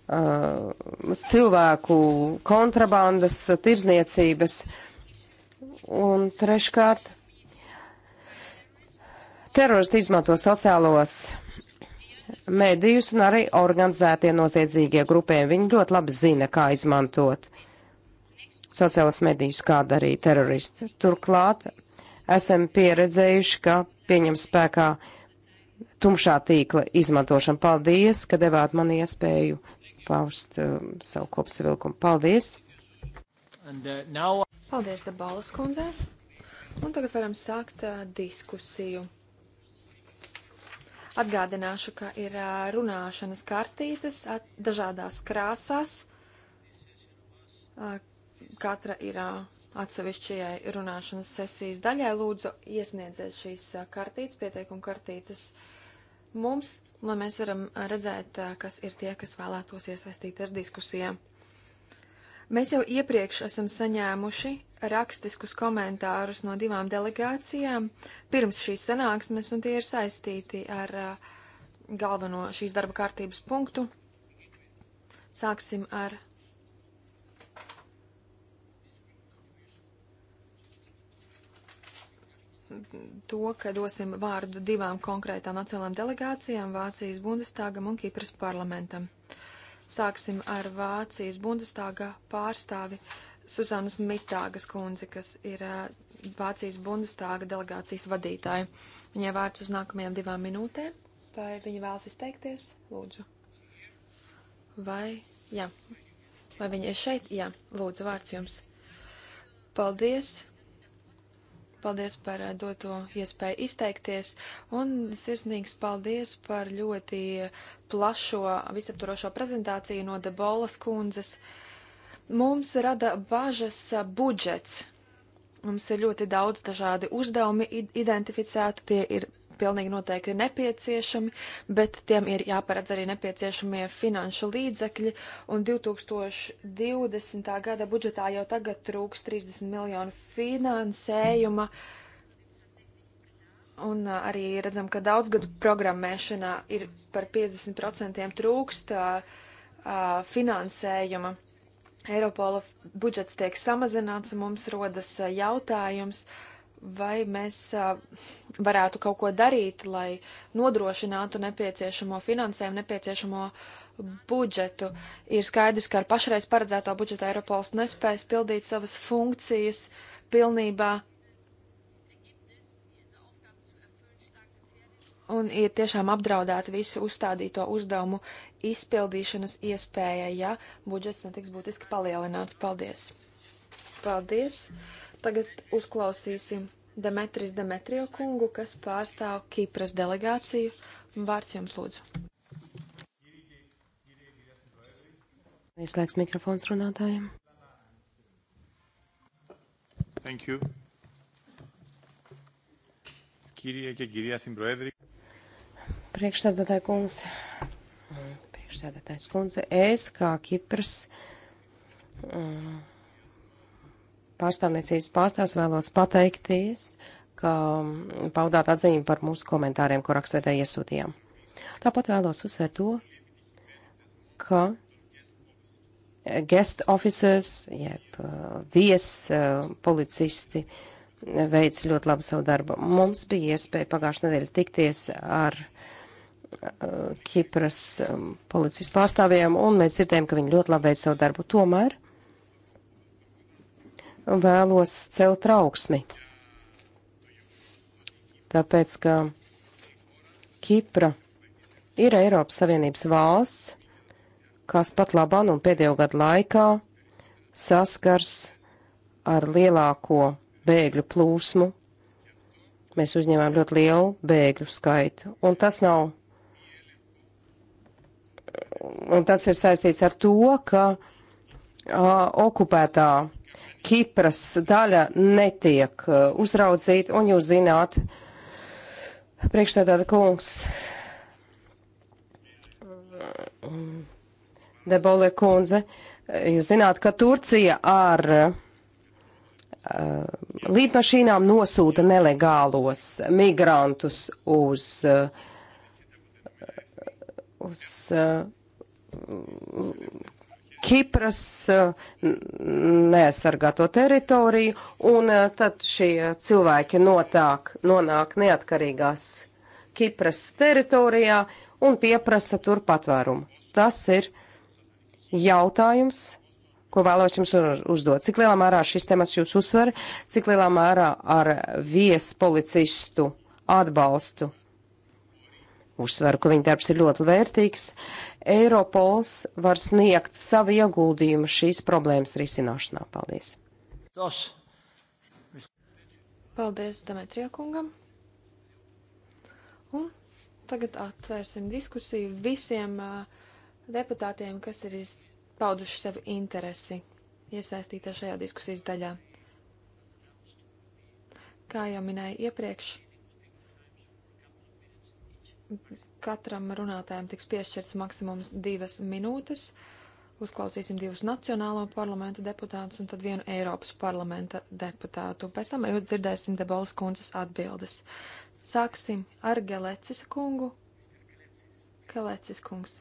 uh, cilvēku kontrabandas, tirzniecības. Uh, Un treškārt, teroristi izmanto sociālos medijus un arī organizētie noziedzīgie grupējumi. Viņi ļoti labi zina, kā izmantot sociālos medijus, kā darīja teroristi. Turklāt esam pieredzējuši, ka pieņem spēkā tumšā tīkla izmantošana. Paldies, ka devāt man iespēju paust uh, savu kopsavilkumu. Paldies! And, uh, now... Paldies, Dabalas kundzē. Un tagad varam sākt uh, diskusiju. Atgādināšu, ka ir uh, runāšanas kartītes at, dažādās krāsās. Uh, katra ir atsevišķajai runāšanas sesijas daļai. Lūdzu, iesniedziet šīs kartītes, pieteikumu kartītes mums, lai mēs varam redzēt, kas ir tie, kas vēlētos iesaistīties diskusijām. Mēs jau iepriekš esam saņēmuši rakstiskus komentārus no divām delegācijām pirms šīs sanāksmes, un tie ir saistīti ar uh, galveno šīs darba kārtības punktu. Sāksim ar. To, ka dosim vārdu divām konkrētām nacionālām delegācijām - Vācijas Bundestagam un Kipras parlamentam. Uh, Sāksim ar Vācijas Bundestāga pārstāvi Suzanas Mitāgas kundzi, kas ir Vācijas Bundestāga delegācijas vadītāja. Viņai vārds uz nākamajām divām minūtēm. Vai viņa vēlas izteikties? Lūdzu. Vai, jā. Vai viņa ir šeit? Jā, lūdzu, vārds jums. Paldies. Paldies par eh, doto iespēju izteikties un sirsnīgs paldies par ļoti plašo visaptvarošo prezentāciju no Debolas kundzes. Mums rada bažas eh, budžets. Mums ir ļoti daudz dažādi uzdevumi identificēti, tie ir pilnīgi noteikti nepieciešami, bet tiem ir jāparedz arī nepieciešamie finanšu līdzekļi, un 2020. gada budžetā jau tagad trūks 30 miljonu finansējuma, un uh, arī redzam, ka daudzgadu programmēšanā ir par 50% trūkst uh, uh, finansējuma. Eiropola budžets tiek samazināts, un mums rodas jautājums, uh, vai mēs varētu kaut ko darīt, lai nodrošinātu nepieciešamo finansējumu, nepieciešamo budžetu. Ir skaidrs, ka ar pašreiz paredzēto budžetu Eiropols nespējas pildīt savas funkcijas pilnībā. Un ir tiešām apdraudēta visu uzstādīto uzdevumu izpildīšanas iespēja, ja budžets netiks būtiski palielināts. Paldies! Paldies! Mm. Tagad uzklausīsim Demetris Demetriju kungu, kas pārstāv Kīpras delegāciju. Vārds jums lūdzu. Ieslēgs mikrofons runātājiem. Thank you. Kirija, ja Kirija, Simbroedri. Priekšsēdētāja kungs, priekšsēdētājs kundze, es kā Kipras. Uh, pārstāvniecības pārstāvs vēlos pateikties, ka paudāt atziņu par mūsu komentāriem, ko rakstvedē iesūtījām. Tāpat vēlos uzsvērt to, ka guest officers, jeb uh, vies uh, policisti veic ļoti labu savu darbu. Mums bija iespēja pagājušajā nedēļā tikties ar uh, Kipras um, policijas pārstāvjiem, un mēs dzirdējām, ka viņi ļoti labi veic savu darbu. Tomēr vēlos celt trauksmi. Tāpēc, ka Kipra ir Eiropas Savienības valsts, kas pat labāk un pēdējo gadu laikā saskars ar lielāko bēgļu plūsmu. Mēs uzņēmām ļoti lielu bēgļu skaitu, un tas nav. Un tas ir saistīts ar to, ka a, okupētā Kipras daļa netiek uh, uzraudzīta, un jūs zināt, priekšstādāta kungs, Debole kundze, jūs zināt, ka Turcija ar uh, līdmašīnām nosūta nelegālos migrantus uz, uh, uz Kipras eh, neaizsargāto teritoriju, un eh, tad šie cilvēki notāk, nonāk neatkarīgās Kipras teritorijā un pieprasa tur patvērumu. Tas ir jautājums, ko vēlos jums uzdot. Cik lielā mērā šis temats jūs uzsver, cik lielā mērā ar viespolicistu atbalstu uzsveru, ka viņa darbs ir ļoti vērtīgs. Eiropols var sniegt savu ieguldījumu šīs problēmas risināšanā. Paldies! Tos. Paldies Demetrija kungam! Un tagad atvērsim diskusiju visiem uh, deputātiem, kas ir pauduši sev interesi iesaistīties šajā diskusijas daļā. Kā jau minēju iepriekš, Katram runātājam tiks piešķirts maksimums divas minūtes. Uzklausīsim divus nacionālo parlamentu deputātus un tad vienu Eiropas parlamenta deputātu. Pēc tam arī dzirdēsim Debolas kundzes atbildes. Sāksim ar Gelecis kungu. Gelecis kungs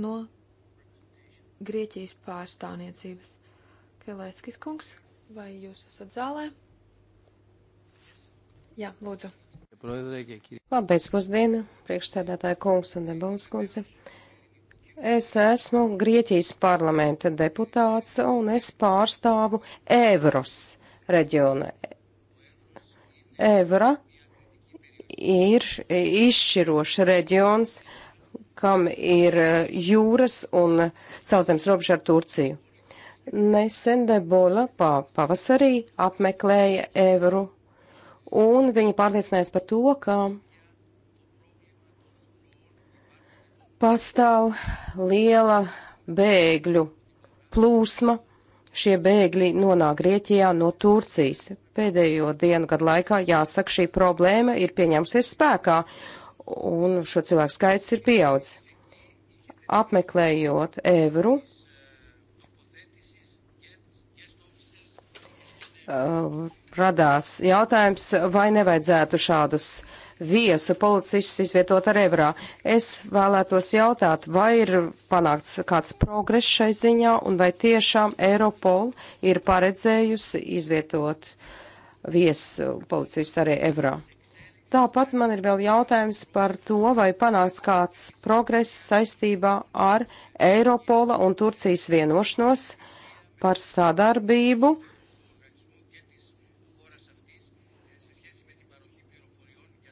no Grieķijas pārstāvniecības. Kelēckis kungs, vai jūs esat zālē? Jā, lūdzu. Labi, pēcpusdiena, priekšsēdētāja kungs un debals kundze. Es esmu Grieķijas parlamenta deputāts un es pārstāvu Evros reģionu. Evra ir izšķirošs reģions, kam ir jūras un sauszemes robeža ar Turciju. Nesen Debola pa, pavasarī apmeklēja Evru un viņi pārliecinājās par to, ka pastāv liela bēgļu plūsma. Šie bēgļi nonāk Grieķijā no Turcijas. Pēdējo dienu gadu laikā, jāsaka, šī problēma ir pieņemsies spēkā, un šo cilvēku skaits ir pieaudzis. Apmeklējot Evru, uh, radās jautājums, vai nevajadzētu šādus viesu policistus izvietot ar evrā. Es vēlētos jautāt, vai ir panākts kāds progress šai ziņā un vai tiešām Eiropol ir paredzējusi izvietot viesu policistus arī evrā. Tāpat man ir vēl jautājums par to, vai panāks kāds progress saistībā ar Eiropola un Turcijas vienošanos par sadarbību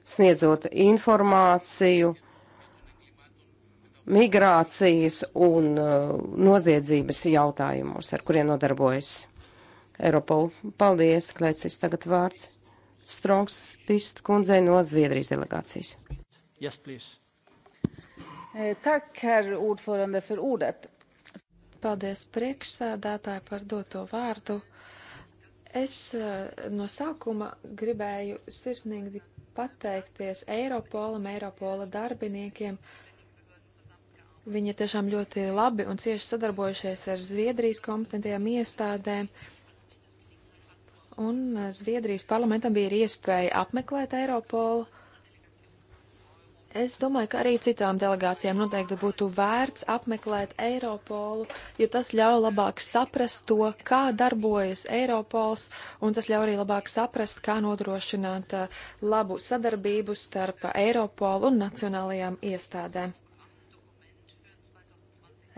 sniedzot informāciju migrācijas un uh, noziedzības jautājumos, ar kuriem nodarbojas Eiropola. Paldies, Klēcis, tagad vārds Strongs Pist kundzei no Zviedrijas delegācijas. Yes, please. Eh, tak, herr ordförande, för ordet. Paldies priekšsēdētāji par doto vārdu. Es eh, no sākuma gribēju sirsnīgi pateikties Eiropolam, Eiropola darbiniekiem. Viņi tiešām ļoti labi un cieši sadarbojušies ar Zviedrijas kompetentajām iestādēm. Un eh, Zviedrijas parlamentam bija iespēja apmeklēt Eiropolu Es domāju, ka arī citām delegācijām noteikti būtu vērts apmeklēt Eiropolu, jo tas ļauj labāk saprast to, kā darbojas Eiropols, un tas ļauj arī labāk saprast, kā nodrošināt uh, labu sadarbību starp Eiropolu un nacionālajām iestādēm.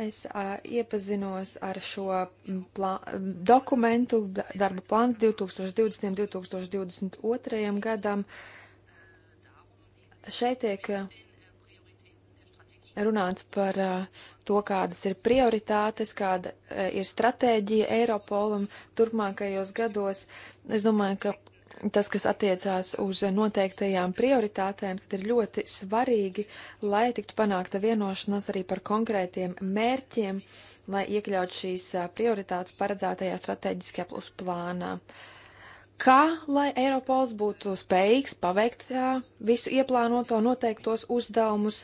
Es uh, iepazinos ar šo mm, plā, mm, dokumentu, darba plāns 2020. un 2022. gadam. Uh, Šeit tiek eh, runāts par eh, to, kādas ir prioritātes, kāda eh, ir stratēģija Eiropolam turpmākajos gados. Es domāju, ka tas, kas attiecās uz noteiktajām prioritātēm, tad ir ļoti svarīgi, lai tiktu panākta vienošanās arī par konkrētiem mērķiem, lai iekļaut šīs prioritātes paredzētajā stratēģiskajā plus plānā. Uh, kā lai Eiropols būtu spējīgs paveikt tā, visu ieplānoto noteiktos uzdevumus,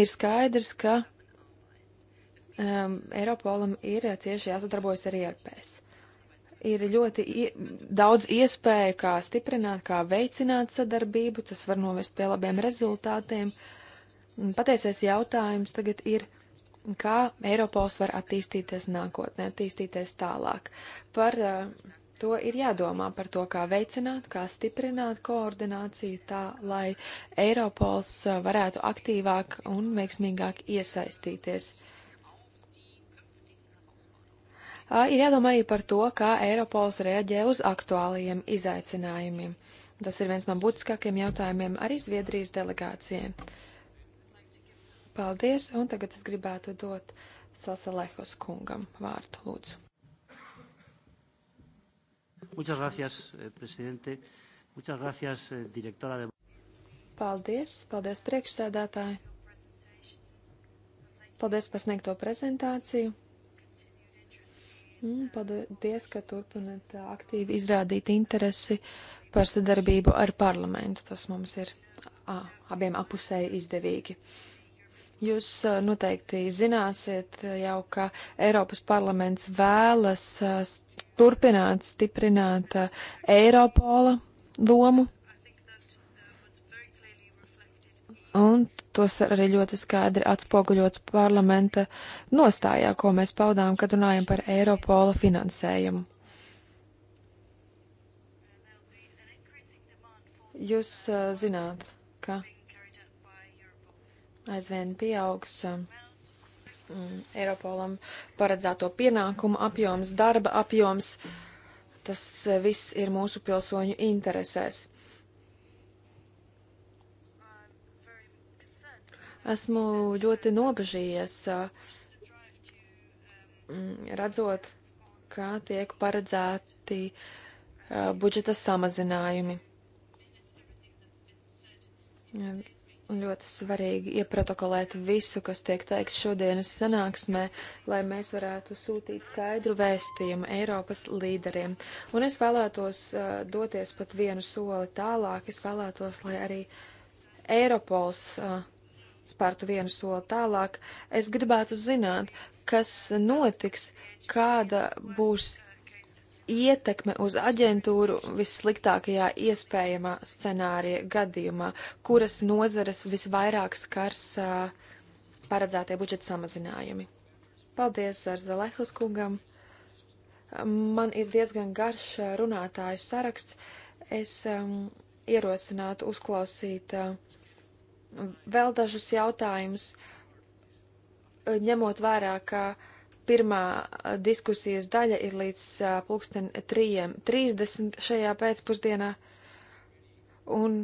ir skaidrs, ka um, Eiropolam ir cieši jāsadarbojas arī ar PES. Ir ļoti ie, daudz iespēju, kā stiprināt, kā veicināt sadarbību, tas var novest pie labiem rezultātiem. Patiesais jautājums tagad ir, kā Eiropols var attīstīties nākotnē, attīstīties tālāk. Par uh, to ir jādomā par to, kā veicināt, kā stiprināt koordināciju tā, lai Eiropols uh, varētu aktīvāk un veiksmīgāk iesaistīties. Ir jādomā arī par to, kā Eiropols reaģē uz aktuālajiem izaicinājumiem. Tas ir viens no būtiskākiem jautājumiem arī Zviedrijas delegācijai. Paldies, un tagad es gribētu dot Sasalehos kungam vārdu, lūdzu. Muchas gracias, eh, presidente. Muchas gracias, eh, direktora de. Paldies, paldies priekšsēdētāji. Paldies par sniegto prezentāciju. Mm, paldies, ka turpinat eh, aktīvi izrādīt interesi par sadarbību ar parlamentu. Tas mums ir a, abiem apusēji izdevīgi. Jūs noteikti zināsiet jau, ka Eiropas parlaments vēlas turpināt stiprināt uh, Eiropola lomu. Un tos arī ļoti skaidri atspoguļots parlamenta nostājā, ko mēs paudām, kad runājam par Eiropola finansējumu. Jūs uh, zināt, ka aizvien pieaugs. Uh, Mm, Eiropolam paredzēto pienākumu apjoms, darba apjoms. Tas eh, viss ir mūsu pilsoņu interesēs. Esmu ļoti nobežījies, eh, mm, redzot, kā tiek paredzēti eh, budžeta samazinājumi. Un ļoti svarīgi ieprotokolēt visu, kas tiek teikt šodienas sanāksmē, lai mēs varētu sūtīt skaidru vēstījumu Eiropas līderiem. Un es vēlētos uh, doties pat vienu soli tālāk. Es vēlētos, lai arī Eiropols uh, spērtu vienu soli tālāk. Es gribētu zināt, kas notiks, kāda būs ietekme uz aģentūru vissliktākajā iespējamā scenārija gadījumā, kuras nozares visvairāk skars uh, paredzētie budžeta samazinājumi. Paldies Zarzelehus kungam. Man ir diezgan garš runātāju saraksts. Es um, ierosinātu uzklausīt uh, vēl dažus jautājumus, ņemot vērā, ka uh, Pirmā diskusijas daļa ir līdz pulksten 3.30 šajā pēcpusdienā, un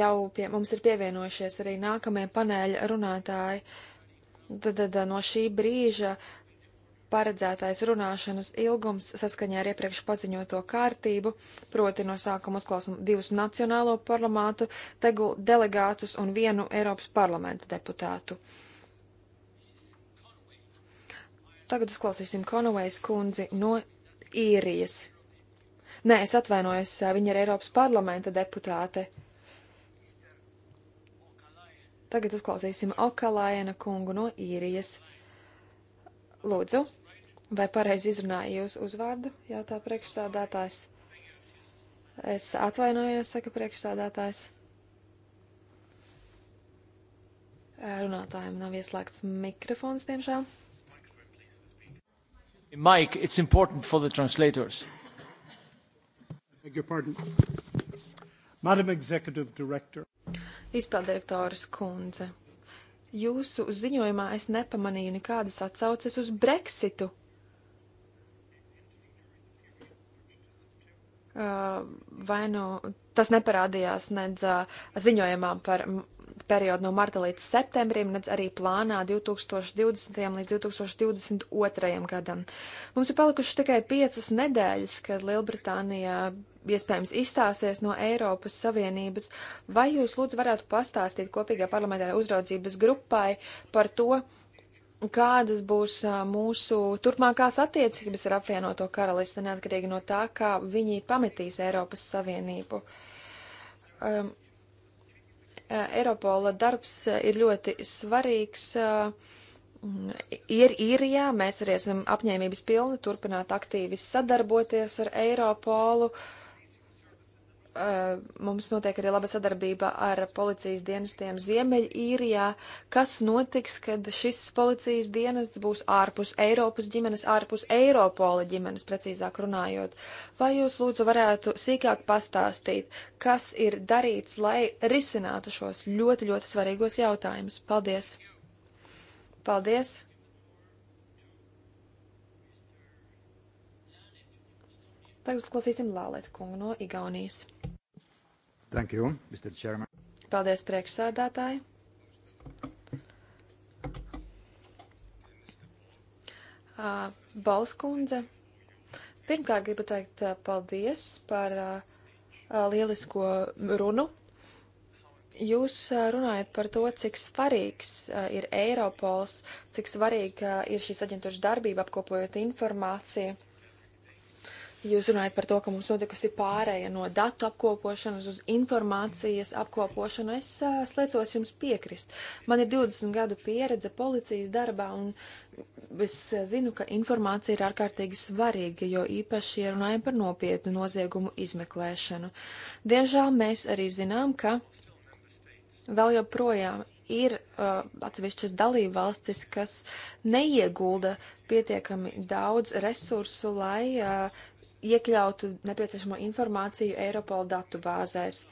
jau pie mums ir pievienojušies arī nākamie paneļa runātāji. Tad, tad no šī brīža paredzētais runāšanas ilgums saskaņā ar iepriekš paziņoto kārtību, proti no sākuma uzklausam divus nacionālo parlamentu delegātus un vienu Eiropas parlamenta deputātu. Tagad uzklausīsim Konovejas kundzi no īrijas. Nē, es atvainojos, viņa ir Eiropas parlamenta deputāte. Tagad uzklausīsim Okalaiena kungu no īrijas. Lūdzu, vai pareizi izrunāju jūs uzvārdu, jautā priekšsādātājs. Es atvainojos, saka priekšsādātājs. Runātājiem nav ieslēgts mikrofons, diemžēl. Mike, it's important for the translators. I beg your pardon. Madam Executive Director. Izpildirektoras kundze, jūsu ziņojumā es nepamanīju nekādas atsauces uz Brexitu. Uh, vai nu tas neparādījās nedz uh, ziņojumā par periodu no marta līdz septembrim, nedz arī plānā 2020. līdz 2022. gadam. Mums ir palikušas tikai piecas nedēļas, kad Lielbritānijā iespējams izstāsies no Eiropas Savienības. Vai jūs lūdzu varētu pastāstīt kopīgā parlamentārā uzraudzības grupai par to, kādas būs mūsu turpmākās attiecības ar apvienoto karalisti, neatkarīgi no tā, kā viņi pametīs Eiropas Savienību? Um, Eh, Eiropola darbs eh, ir ļoti svarīgs. Eh, ir īrijā, mēs arī esam apņēmības pilni turpināt aktīvi sadarboties ar Eiropolu. Uh, Eh, mums notiek arī laba sadarbība ar policijas dienestiem Ziemeļīrijā. Kas notiks, kad šis policijas dienests būs ārpus Eiropas ģimenes, ārpus Eiropola ģimenes, precīzāk runājot? Vai jūs lūdzu varētu sīkāk pastāstīt, kas ir darīts, lai risinātu šos ļoti, ļoti svarīgos jautājumus? Paldies! Paldies! Tagad klausīsim Lālēta kungu no Igaunijas. Thank you, Mr. Chairman. Paldies, priekšsēdētāji. Uh, Balskundze. Pirmkārt, gribu teikt uh, paldies par uh, uh lielisko runu. Jūs uh, runājat par to, cik svarīgs uh, ir Eiropols, cik svarīga ir šīs aģentūras darbība apkopojot informāciju. Jūs runājat par to, ka mums notikusi pārēja no datu apkopošanas uz informācijas apkopošanu. Es uh, sliecos jums piekrist. Man ir 20 gadu pieredze policijas darbā, un es zinu, ka informācija ir ārkārtīgi svarīga, jo īpaši, ja runājam par nopietnu noziegumu izmeklēšanu. Diemžēl mēs arī zinām, ka vēl joprojām ir uh, atsevišķas dalībvalstis, kas neiegulda pietiekami daudz resursu, lai uh, iekļautu nepieciešamo informāciju Eiropola datu bāzēs.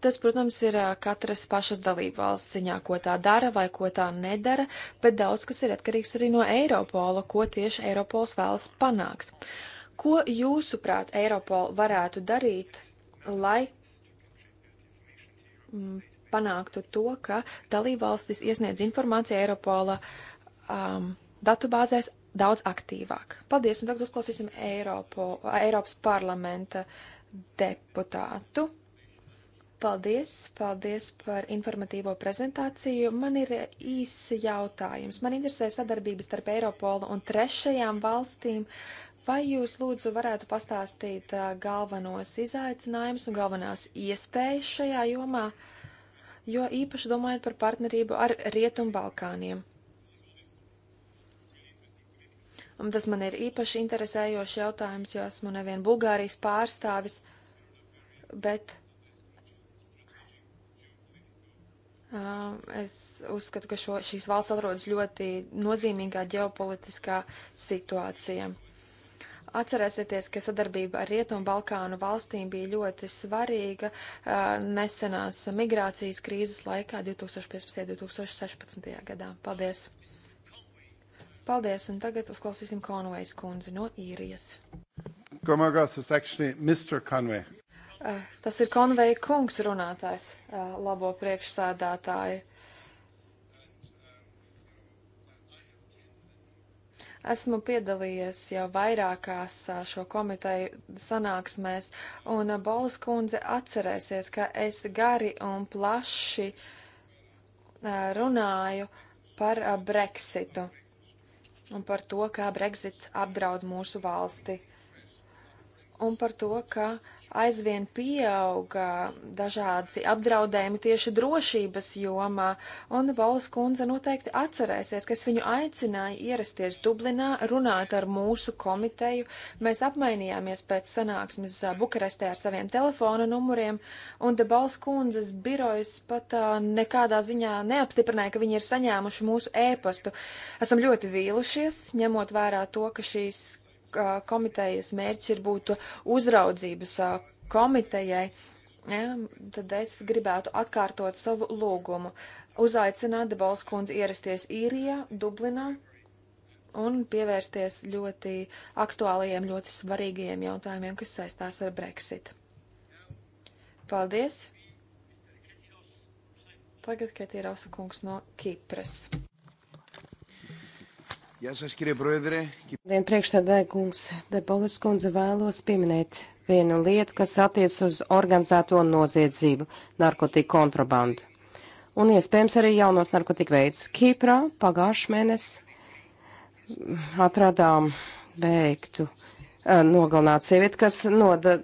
Tas, protams, ir katras pašas dalību valsts ziņā, ko tā dara vai ko tā nedara, bet daudz kas ir atkarīgs arī no Eiropola, ko tieši Eiropols vēlas panākt. Ko jūsuprāt Eiropola varētu darīt, lai mm, panāktu to, ka dalību valstis iesniedz informāciju Eiropola um, datubāzēs daudz aktīvāk. Paldies, un tagad uzklausīsim Eiropo, Eiropas parlamenta deputātu. Paldies, paldies par informatīvo prezentāciju. Man ir īsi jautājums. Man interesē sadarbības starp Eiropolu un trešajām valstīm. Vai jūs lūdzu varētu pastāstīt uh, galvenos izaicinājumus un galvenās iespējas šajā jomā, jo īpaši domājot par partnerību ar Rietumbalkāniem? Balkāniem? Un tas man ir īpaši interesējošs jautājums, jo esmu nevien Bulgārijas pārstāvis, bet uh, es uzskatu, ka šo, šīs valsts atrodas ļoti nozīmīgā ģeopolitiskā situācijā. Atcerēsieties, ka sadarbība ar Rietumu Balkānu valstīm bija ļoti svarīga uh, nesenās migrācijas krīzes laikā 2015. un 2016. gadā. Paldies! Paldies, un tagad uzklausīsim Konvejas kundzi no īrijas. Gomagos is actually Mr. Conway. Uh, tas ir Konveja kungs runātājs, uh, labo priekšsādātāju. Esmu piedalījies jau vairākās uh, šo komiteju sanāksmēs, un Bolas kundze atcerēsies, ka es gari un plaši runāju par Brexitu un par to, kā Brexit apdraud mūsu valsti, un par to, ka uh, aizvien pieauga dažādi apdraudējumi tieši drošības jomā, un Bolas kundze noteikti atcerēsies, ka es viņu aicināju ierasties Dublinā, runāt ar mūsu komiteju. Mēs apmainījāmies pēc sanāksmes Bukarestē ar saviem telefona numuriem, un de Bolas kundzes birojas pat uh, nekādā ziņā neapstiprināja, ka viņi ir saņēmuši mūsu ēpastu. Esam ļoti vīlušies, ņemot vērā to, ka šīs komitejas mērķis ir būt uzraudzības komitejai, ja, tad es gribētu atkārtot savu lūgumu. Uzaicināt Debalskundzi ierasties īrijā, Dublinā un pievērsties ļoti aktuālajiem, ļoti svarīgajiem jautājumiem, kas saistās ar Brexit. Paldies! Tagad Ketī Rausa kungs no Kipras. Dien priekšsēdētāji kungs, Debolis kundze vēlos pieminēt vienu lietu, kas attiec uz organizēto noziedzību, narkotiku kontrabandu. Un iespējams arī jaunos narkotiku veidus. Kīprā pagājušajā mēnesī atradām beigtu eh, nogalināta sieviete, kas, noda,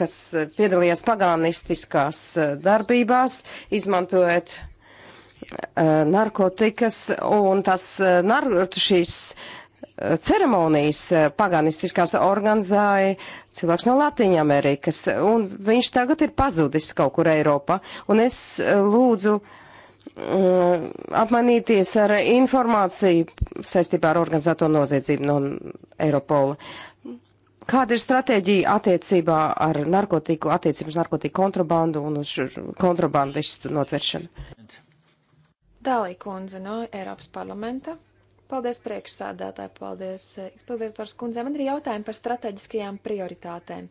kas piedalījās pagānistiskās eh, darbībās, izmantojot Eh, narkotikas un tas eh, nar šīs eh, ceremonijas paganistiskās organizēja cilvēks no Latīņa Amerikas, un viņš tagad ir pazudis kaut kur Eiropā, un es lūdzu mm, apmainīties ar informāciju saistībā ar organizēto noziedzību no Eiropola. Kāda ir stratēģija attiecībā ar narkotiku, attiecības narkotiku kontrabandu un uz kontrabandistu notveršanu? Dālī kundze no Eiropas parlamenta. Paldies priekšsādātāji, paldies eh, izpildirektors kundzei. Man ir jautājumi par strateģiskajām prioritātēm.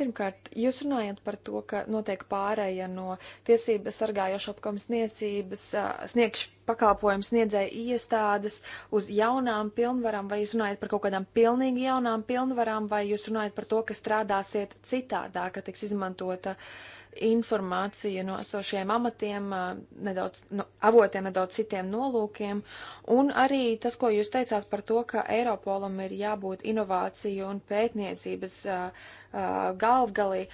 Pirmkārt, jūs runājat par to, ka notiek pārēja no tiesības sargājošo apkomisniecības eh, sniegš, pakalpojums sniedzēja iestādes uz jaunām pilnvarām, vai jūs runājat par kaut kādām pilnīgi jaunām pilnvarām, vai jūs runājat par to, ka strādāsiet citādāk, ka tiks izmantota informācija no sošiem amatiem, nedaudz, no avotiem, nedaudz citiem nolūkiem, un arī tas, ko jūs teicāt par to, ka Eiropolam ir jābūt inovāciju un pētniecības galvgalī,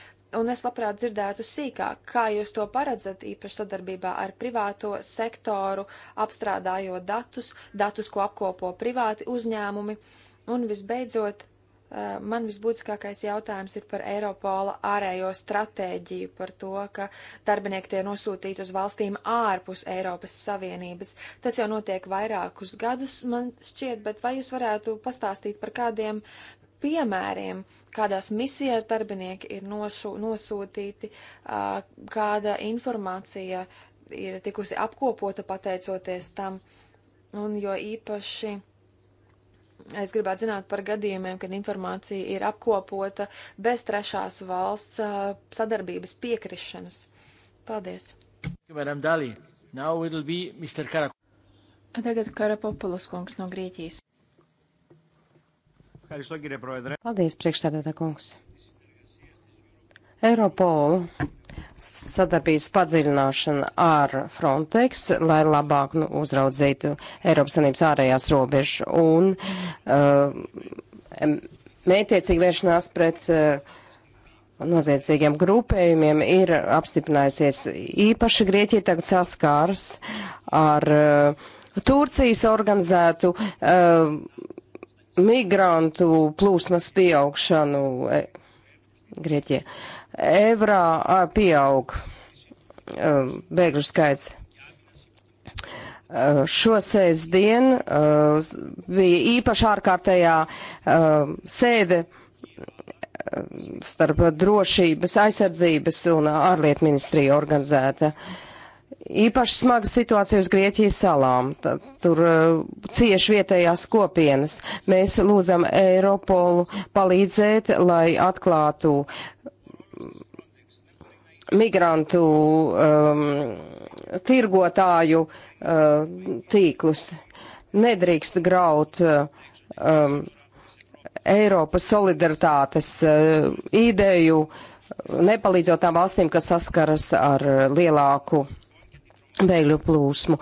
un es labprāt dzirdētu sīkāk, kā jūs to paredzat īpaši sadarbībā ar privāto sektoru, apstrādājot datus, datus, ko apkopo privāti uzņēmumi. Un visbeidzot, eh, man visbūtiskākais jautājums ir par Eiropola ārējo stratēģiju, par to, ka darbinieki tiek nosūtīti uz valstīm ārpus Eiropas Savienības. Tas jau notiek vairākus gadus, man šķiet, bet vai jūs varētu pastāstīt par kādiem piemēriem, kādās misijās darbinieki ir nošu, nosūtīti, kāda informācija ir tikusi apkopota pateicoties tam, un jo īpaši es gribētu zināt par gadījumiem, kad informācija ir apkopota bez trešās valsts sadarbības piekrišanas. Paldies! Tagad Karapopulas kungs no Grieķijas. Paldies, priekšsēdētā kungs. Eiropola sadarbības padziļināšana ar Frontex, lai labāk nu, uzraudzītu Eiropas Sanības ārējās robežas un uh, mētiecīgi vēršanās pret uh, noziedzīgiem grupējumiem ir apstiprinājusies. Īpaši Grieķija tagad saskārs ar uh, Turcijas organizētu uh, migrantu plūsmas pieaugšanu e, Grieķijā. Evrā a, pieaug um, bēgļu skaits. Uh, Šosēsdien uh, bija īpaši ārkārtējā uh, sēde um, starp drošības, aizsardzības un ārlietu ministriju organizēta. Uh, īpaši smaga situācija uz Grieķijas salām. T tur uh, e, cieši vietējās kopienas. Mēs lūdzam Eiropolu palīdzēt, lai atklātu migrantu um, tirgotāju uh, tīklus. Nedrīkst graut uh, um, Eiropas solidaritātes uh, ideju, nepalīdzot tām valstīm, kas saskaras ar uh, lielāku uh, bēgļu plūsmu.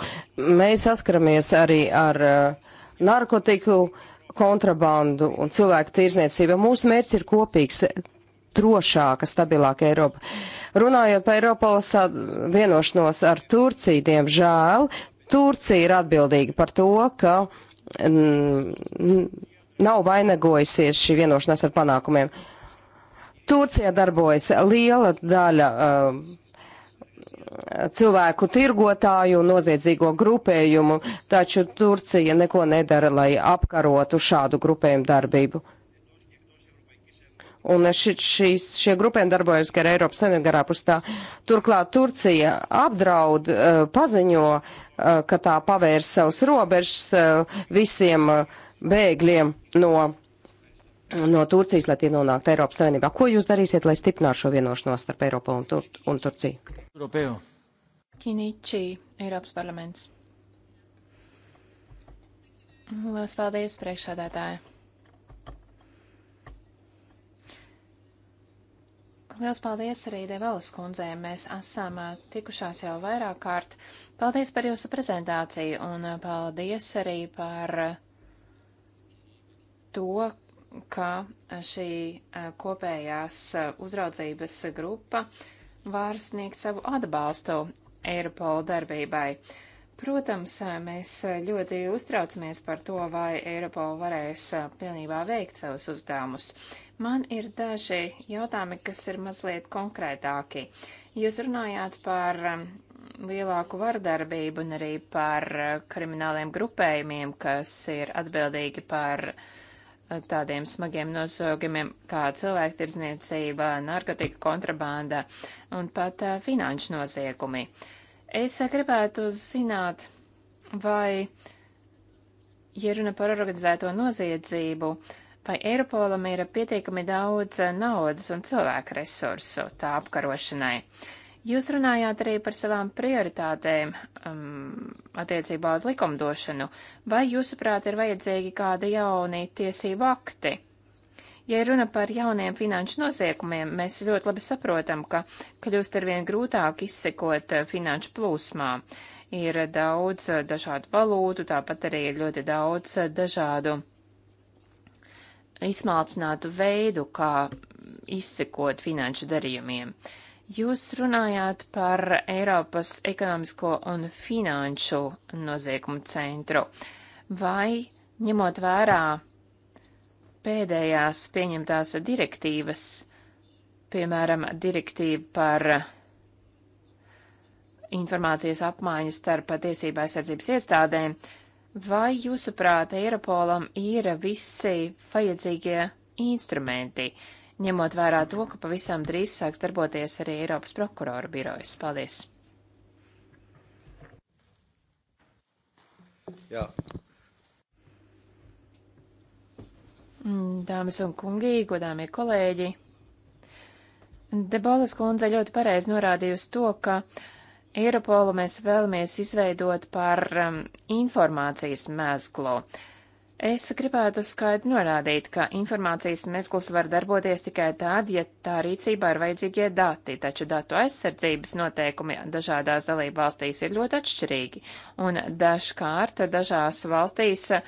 Mēs saskaramies arī ar uh, narkotiku kontrabandu un cilvēku tirzniecību. Mūsu mērķis ir kopīgs drošāka, stabilāka Eiropa. Runājot par Eiropas vienošanos ar Turciju, diemžēl, Turcija ir atbildīga par to, ka nav vainagojusies šī vienošanās ar panākumiem. Turcijā darbojas liela daļa uh, cilvēku tirgotāju un noziedzīgo grupējumu, taču Turcija neko nedara, lai apkarotu šādu grupējumu darbību. Un ši, šis, šie grupēm darbojas gar Eiropas Savienību garā pustā. Turklāt Turcija apdraud, eh, paziņo, eh, ka tā pavērs savus robežas eh, visiem bēgļiem no, no Turcijas, lai tie nonāktu Eiropas Savienībā. Ko jūs darīsiet, lai stiprinātu šo vienošanos starp Eiropu un, Tur un Turciju? Europeo. Kiniči, Eiropas parlaments. Lielas paldies, priekšsādātāji. Lielas paldies arī Devalas kundzei. Mēs esam tikušās jau vairāk kārt. Paldies par jūsu prezentāciju un paldies arī par to, ka šī kopējās uzraudzības grupa uh, var sniegt savu atbalstu Eiropola darbībai. Protams, mēs ļoti uztraucamies par to, vai Eiropola varēs pilnībā veikt savus uzdevumus. Man ir daži jautājumi, kas ir mazliet konkrētāki. Jūs runājāt par lielāku vardarbību un arī par krimināliem grupējumiem, kas ir atbildīgi par uh, tādiem smagiem nosaugumiem kā cilvēktirdzniecība, narkotika kontrabanda un pat uh, finanšu noziegumi. Es uh, gribētu zināt, vai, ja runa par organizēto noziedzību, vai Eiropolam ir pietiekami daudz naudas un cilvēku resursu tā apkarošanai. Uh, Jūs runājāt arī par savām prioritātēm um, attiecībā uz likumdošanu. Vai jūsuprāt ir vajadzīgi kādi jauni tiesību akti? Ja runa par jauniem finanšu noziekumiem, mēs ļoti labi saprotam, ka kļūst arvien grūtāk izsekot uh, finanšu plūsmām. Ir daudz uh, dažādu valūtu, tāpat arī ir ļoti daudz uh, dažādu izsmalcinātu veidu, kā izsekot finanšu darījumiem. Uh, Jūs runājāt par Eiropas ekonomisko un finanšu noziegumu centru. Vai ņemot vērā pēdējās pieņemtās direktīvas, piemēram, direktīva par informācijas apmaiņu starp tiesība aizsardzības iestādēm, vai jūsuprāt Eiropolam ir visi vajadzīgie instrumenti, ņemot vērā to, ka pavisam drīz sāks darboties arī Eiropas prokuroru birojas. Paldies! Jā. Mm, dāmas un kungi, godāmie kolēģi, Debolas kundze ļoti pareizi norādīja uz to, ka Eiropolu mēs vēlamies izveidot par um, informācijas mēzglo. Uh, Es gribētu skaidri norādīt, ka informācijas mezgls var darboties tikai tad, ja tā rīcībā ir vajadzīgie dati, taču datu aizsardzības noteikumi dažādās dalība valstīs ir ļoti atšķirīgi, un dažkārt dažās valstīs uh,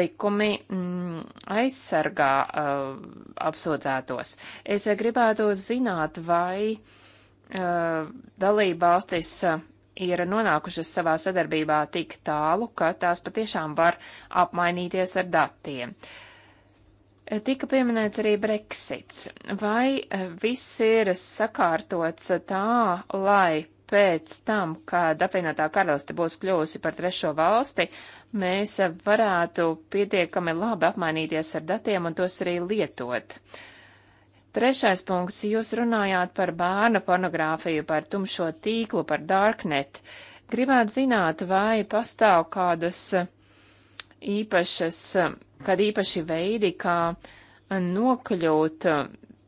likumi mm, aizsargā uh, apsūdzētos. Es gribētu zināt, vai uh, dalība valstis uh, ir nonākušas savā sadarbībā tik tālu, ka tās patiešām var apmainīties ar datiem. Tika pieminēts arī Brexits. Vai eh, viss ir sakārtots tā, lai pēc tam, kad apvienotā karaliste būs kļuvusi par trešo valsti, mēs varētu pietiekami labi apmainīties ar datiem un tos arī lietot? Uh, Trešais punkts. Jūs runājāt par bērnu pornogrāfiju, par tumšo tīklu, par darknet. Gribētu zināt, vai pastāv kādas eh, īpašas, eh, kādi īpaši veidi, kā nokļūt eh,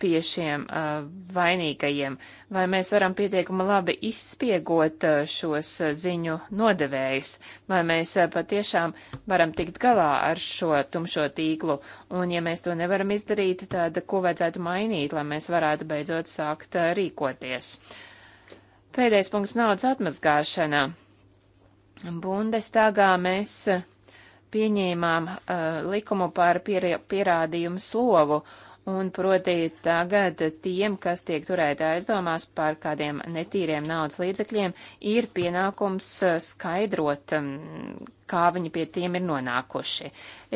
pie šiem uh, vainīgajiem, vai mēs varam pietiekami labi izspiegot uh, šos uh, ziņu nodevējus, vai mēs uh, patiešām varam tikt galā ar šo tumšo tīklu, un ja mēs to nevaram izdarīt, tad ko vajadzētu mainīt, lai mēs varētu beidzot sākt uh, rīkoties. Pēdējais punkts - naudas atmazgāšana. Bundestagā mēs pieņēmām uh, likumu par pierādījumu slogu, un proti tagad tiem, kas tiek turēti aizdomās par kādiem netīriem naudas līdzekļiem, ir pienākums skaidrot, mm, kā viņi pie tiem ir nonākuši.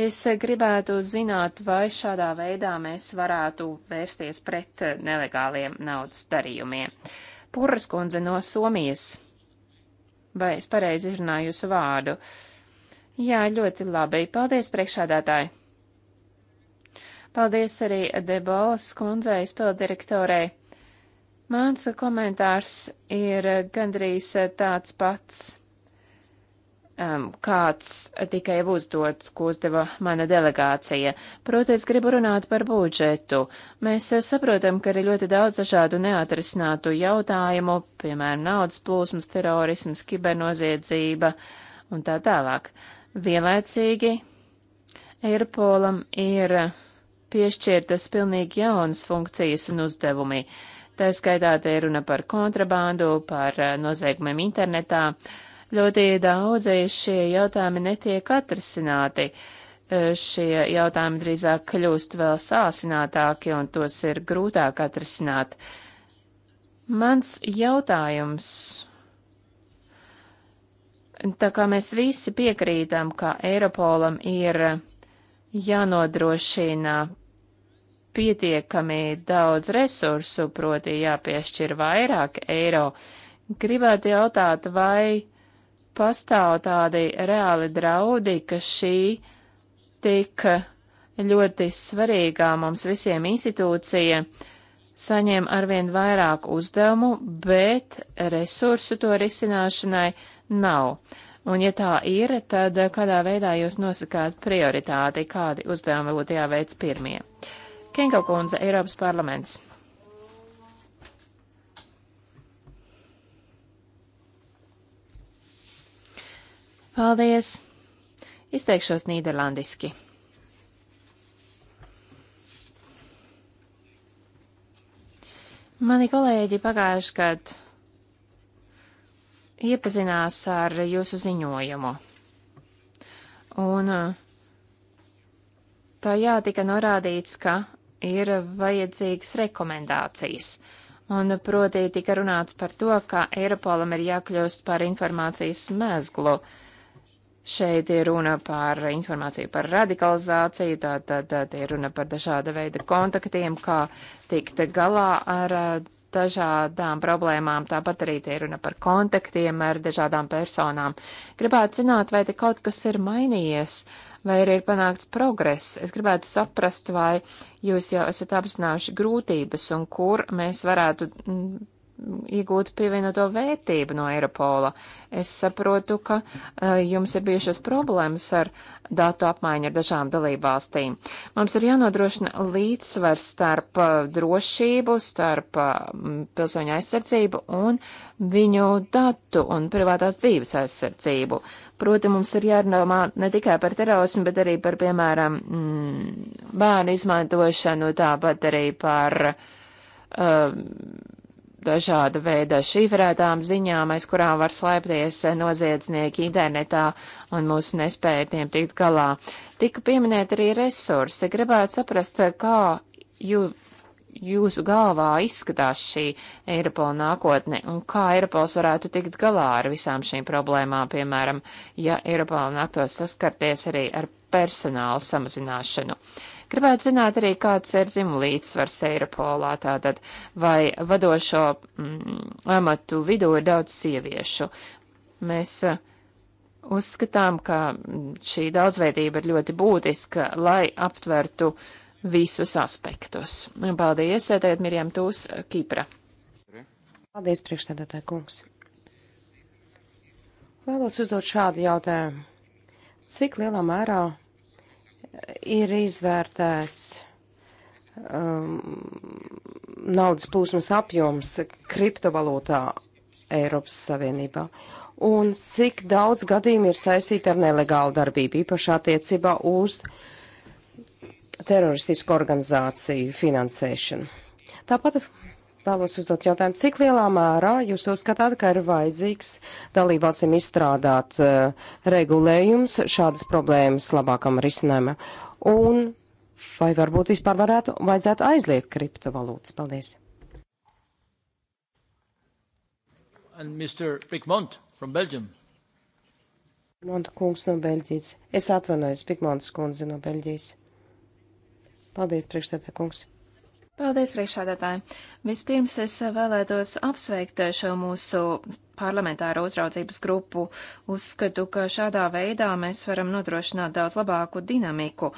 Es gribētu zināt, vai šādā veidā mēs varētu vērsties pret nelegāliem naudas darījumiem. Purras kundze no Somijas. Vai es pareizi izrunāju jūsu vārdu? Jā, ļoti labi. Paldies, priekšādātāji! Paldies arī Debolas kundzei, izpildirektorei. Mans komentārs ir gandrīz eh, tāds pats um, kāds tikai uzdots, ko uzdeva mana delegācija. Proti, es gribu runāt par budžetu. Mēs eh, saprotam, ka ir ļoti daudz dažādu neatrisinātu jautājumu, piemēram, naudas plūsmas, terorisms, kibernoziedzība un tā tālāk. Vienlaicīgi Eiropolam ir piešķirtas pilnīgi jaunas funkcijas un uzdevumi. Tā skaitā te ir runa par kontrabandu, par eh, noziegumiem internetā. Ļoti daudzi šie jautājumi netiek atrisināti. Eh, šie jautājumi drīzāk kļūst vēl sāsinātāki un tos ir grūtāk atrisināt. Mans jautājums tā kā mēs visi piekrītam, ka Eiropolam ir eh, jānodrošina pietiekami daudz resursu, proti jāpiešķir vairāk eiro. Gribētu jautāt, vai pastāv tādi reāli draudi, ka šī tik ļoti svarīgā mums visiem institūcija saņem arvien vairāk uzdevumu, bet resursu to risināšanai nav. Un ja tā ir, tad kādā veidā jūs nosakāt prioritāti, kādi uzdevumi būtu jāveic pirmie? Uh, Kenko kundze, Eiropas parlaments. Paldies! Izteikšos nīderlandiski. Mani kolēģi pagājuši, kad iepazinās ar jūsu ziņojumu. Un uh, tajā tika norādīts, ka ir vajadzīgas rekomendācijas. Un proti tika runāts par to, ka Eiropolam ir jākļūst par informācijas mezglu. Šeit ir runa par informāciju par radikalizāciju, tātad tā, tā, ir runa par dažāda veida kontaktiem, kā tikt galā ar dažādām problēmām, tāpat arī te runa par kontaktiem ar dažādām personām. Gribētu zināt, vai te kaut kas ir mainījies, vai arī ir panākts progress. Es gribētu saprast, vai jūs jau esat apzinājuši grūtības un kur mēs varētu mm, iegūt pievienoto vērtību no Eiropola. Es saprotu, ka uh, jums ir bijušas problēmas ar datu apmaiņu ar dažām dalībvalstīm. Mums ir jānodrošina līdzsvars starp uh, drošību, starp uh, pilsoņu aizsardzību un viņu datu un privātās dzīves aizsardzību. Proti, mums ir jārunā ne tikai par terorismu, bet arī par, piemēram, mm, bērnu izmantošanu, tāpat arī par uh, dažāda veida šifrētām ziņām, aiz kurām var slēpties noziedznieki internetā un mūsu nespēja tiem tikt galā. Tika pieminēt arī resursi. Gribētu saprast, kā jū, jūsu galvā izskatās šī Eiropola nākotne un kā Eiropols varētu tikt galā ar visām šīm problēmām, piemēram, ja Eiropola nāktos saskarties arī ar personāla samazināšanu. Uh, Gribētu zināt arī, kāds ir dzimu līdzsvars Eiropolā, tātad vai vadošo mm, amatu vidū ir daudz sieviešu. Mēs uh, uzskatām, ka mm, šī daudzveidība ir ļoti būtiska, lai aptvertu visus aspektus. Paldies, tagad Mirjam Tūs, Kipra. Paldies, priekšstādātāji kungs. Vēlos uzdot šādu jautājumu. Cik lielā mērā ir izvērtēts um, naudas plūsmas apjoms kriptovalūtā Eiropas Savienībā. Un cik daudz gadījumu ir saistīti ar nelegālu darbību, īpaši attiecībā uz teroristisku organizāciju finansēšanu. Tāpat Vēlos uzdot jautājumu, cik lielā mērā jūs uzskatāt, ka ir vajadzīgs dalībvalstīm izstrādāt uh, regulējums šādas problēmas labākam risinājumam? Un vai varbūt vispār varētu, vajadzētu aizliegt kriptovalūtas? Paldies! And Mr. Rikmont from Belgium. Monta kungs no Beļģijas. Es atvainojos, Pikmontas kundze no Beļģijas. Paldies, priekšstādā kungs. Paldies, priekšādātāji! Vispirms es vēlētos apsveikt šo mūsu parlamentāro uzraudzības grupu. Uzskatu, ka šādā veidā mēs varam nodrošināt daudz labāku dinamiku,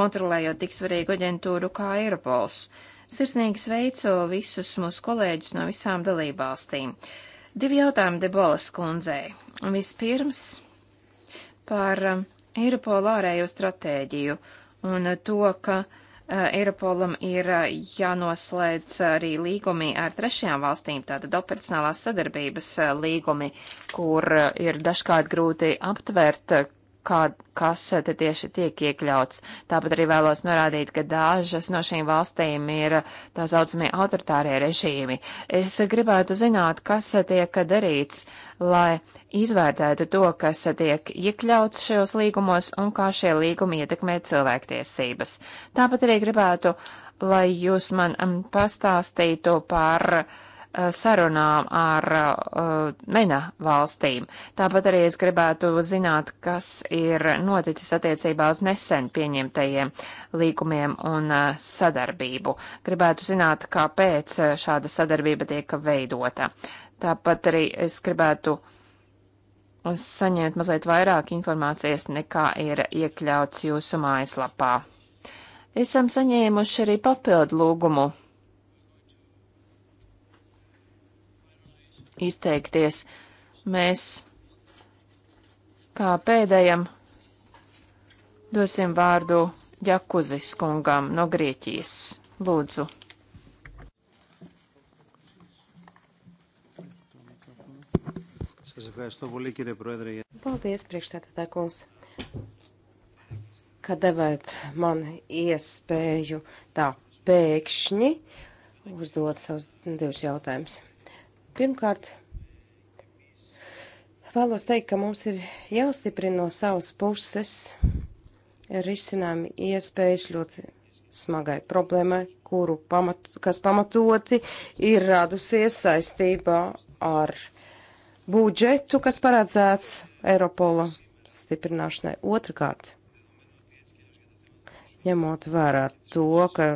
kontrolējot tik svarīgu aģentūru kā Eiropols. Sirsnīgi sveicu visus mūsu kolēģus no visām dalībvalstīm. Divi jautājumi Debolas kundzei. Vispirms par Eiropola ārējo stratēģiju un to, ka Eh, Eiropolam ir eh, jānoslēdz arī līgumi ar trešajām valstīm, tātad operacionālās sadarbības eh, līgumi, kur ir dažkārt grūti aptvert, kā, kas eh, te tieši tiek iekļauts. Tāpat arī vēlos norādīt, ka dažas no šīm valstīm ir eh, tā saucamie autoritārie režīmi. Es gribētu zināt, kas eh, tiek darīts, lai izvērtētu to, kas tiek iekļauts šajos līgumos un kā šie līgumi ietekmē cilvēktiesības. Tāpat arī gribētu, lai jūs man mm, pastāstītu par uh, Eh, sarunām ar uh, MENA valstīm. Tāpat arī es gribētu zināt, kas ir noticis attiecībā uz nesen pieņemtajiem līgumiem un uh, sadarbību. Gribētu zināt, kāpēc šāda sadarbība tiek veidota. Tāpat arī es gribētu saņemt mazliet vairāk informācijas, nekā ir iekļauts jūsu mājaslapā. Esam saņēmuši arī papildu lūgumu izteikties. Mēs kā pēdējam dosim vārdu Jakuzis kungam no Grieķijas. Lūdzu. Paldies, priekšsēdētāj kungs, ka devāt man iespēju tā pēkšņi uzdot savus divus jautājumus. Pirmkārt, vēlos teikt, ka mums ir jāstiprina no savas puses risinājumi iespējas ļoti smagai problēmai, kuru pamat, kas pamatoti ir radusies saistībā ar budžetu, kas paredzēts Eiropola stiprināšanai. Otrakārt, ņemot vērā to, ka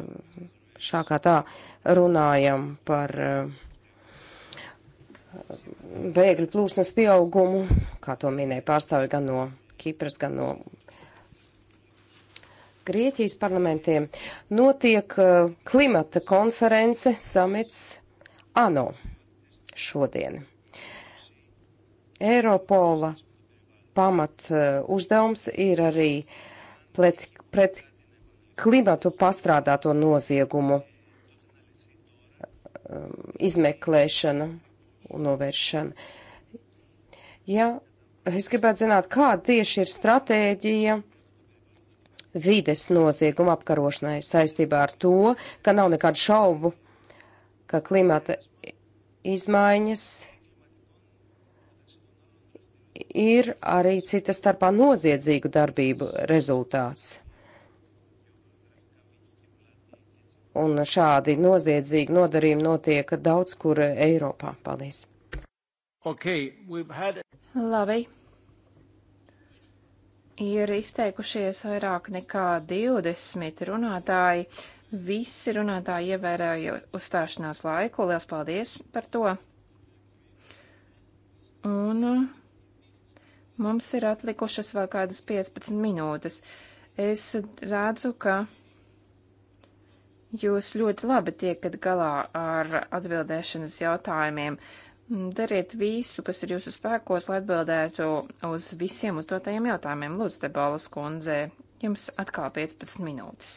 šā kā tā runājam par uh, bēgļu plūsmas pieaugumu, kā to minēja pārstāvi gan no Kipras, gan no Grieķijas parlamentiem, notiek uh, klimata konference samits ANO šodien. Eiropola pamat uh, uzdevums ir arī pret, pret klimatu pastrādāto noziegumu um, izmeklēšana novēršana. Ja es gribētu zināt, kāda tieši ir stratēģija vides nozieguma apkarošanai saistībā ar to, ka nav nekādu šaubu, ka klimata izmaiņas ir arī citas starpā noziedzīgu darbību rezultāts. Un šādi noziedzīgi nodarījumi notiek daudz kur Eiropā. Paldies! Okay, had... Labi. Ir izteikušies vairāk nekā 20 runātāji. Visi runātāji ievēroja uzstāšanās laiku. Lielas paldies par to! Un uh, mums ir atlikušas vēl kādas 15 minūtes. Es redzu, ka Jūs ļoti labi tiekat galā ar atbildēšanu uz jautājumiem. Dariet visu, kas ir jūsu spēkos, lai atbildētu uz visiem uzdotajiem jautājumiem. Lūdzu, Debolas kundze, jums atkal 15 minūtes.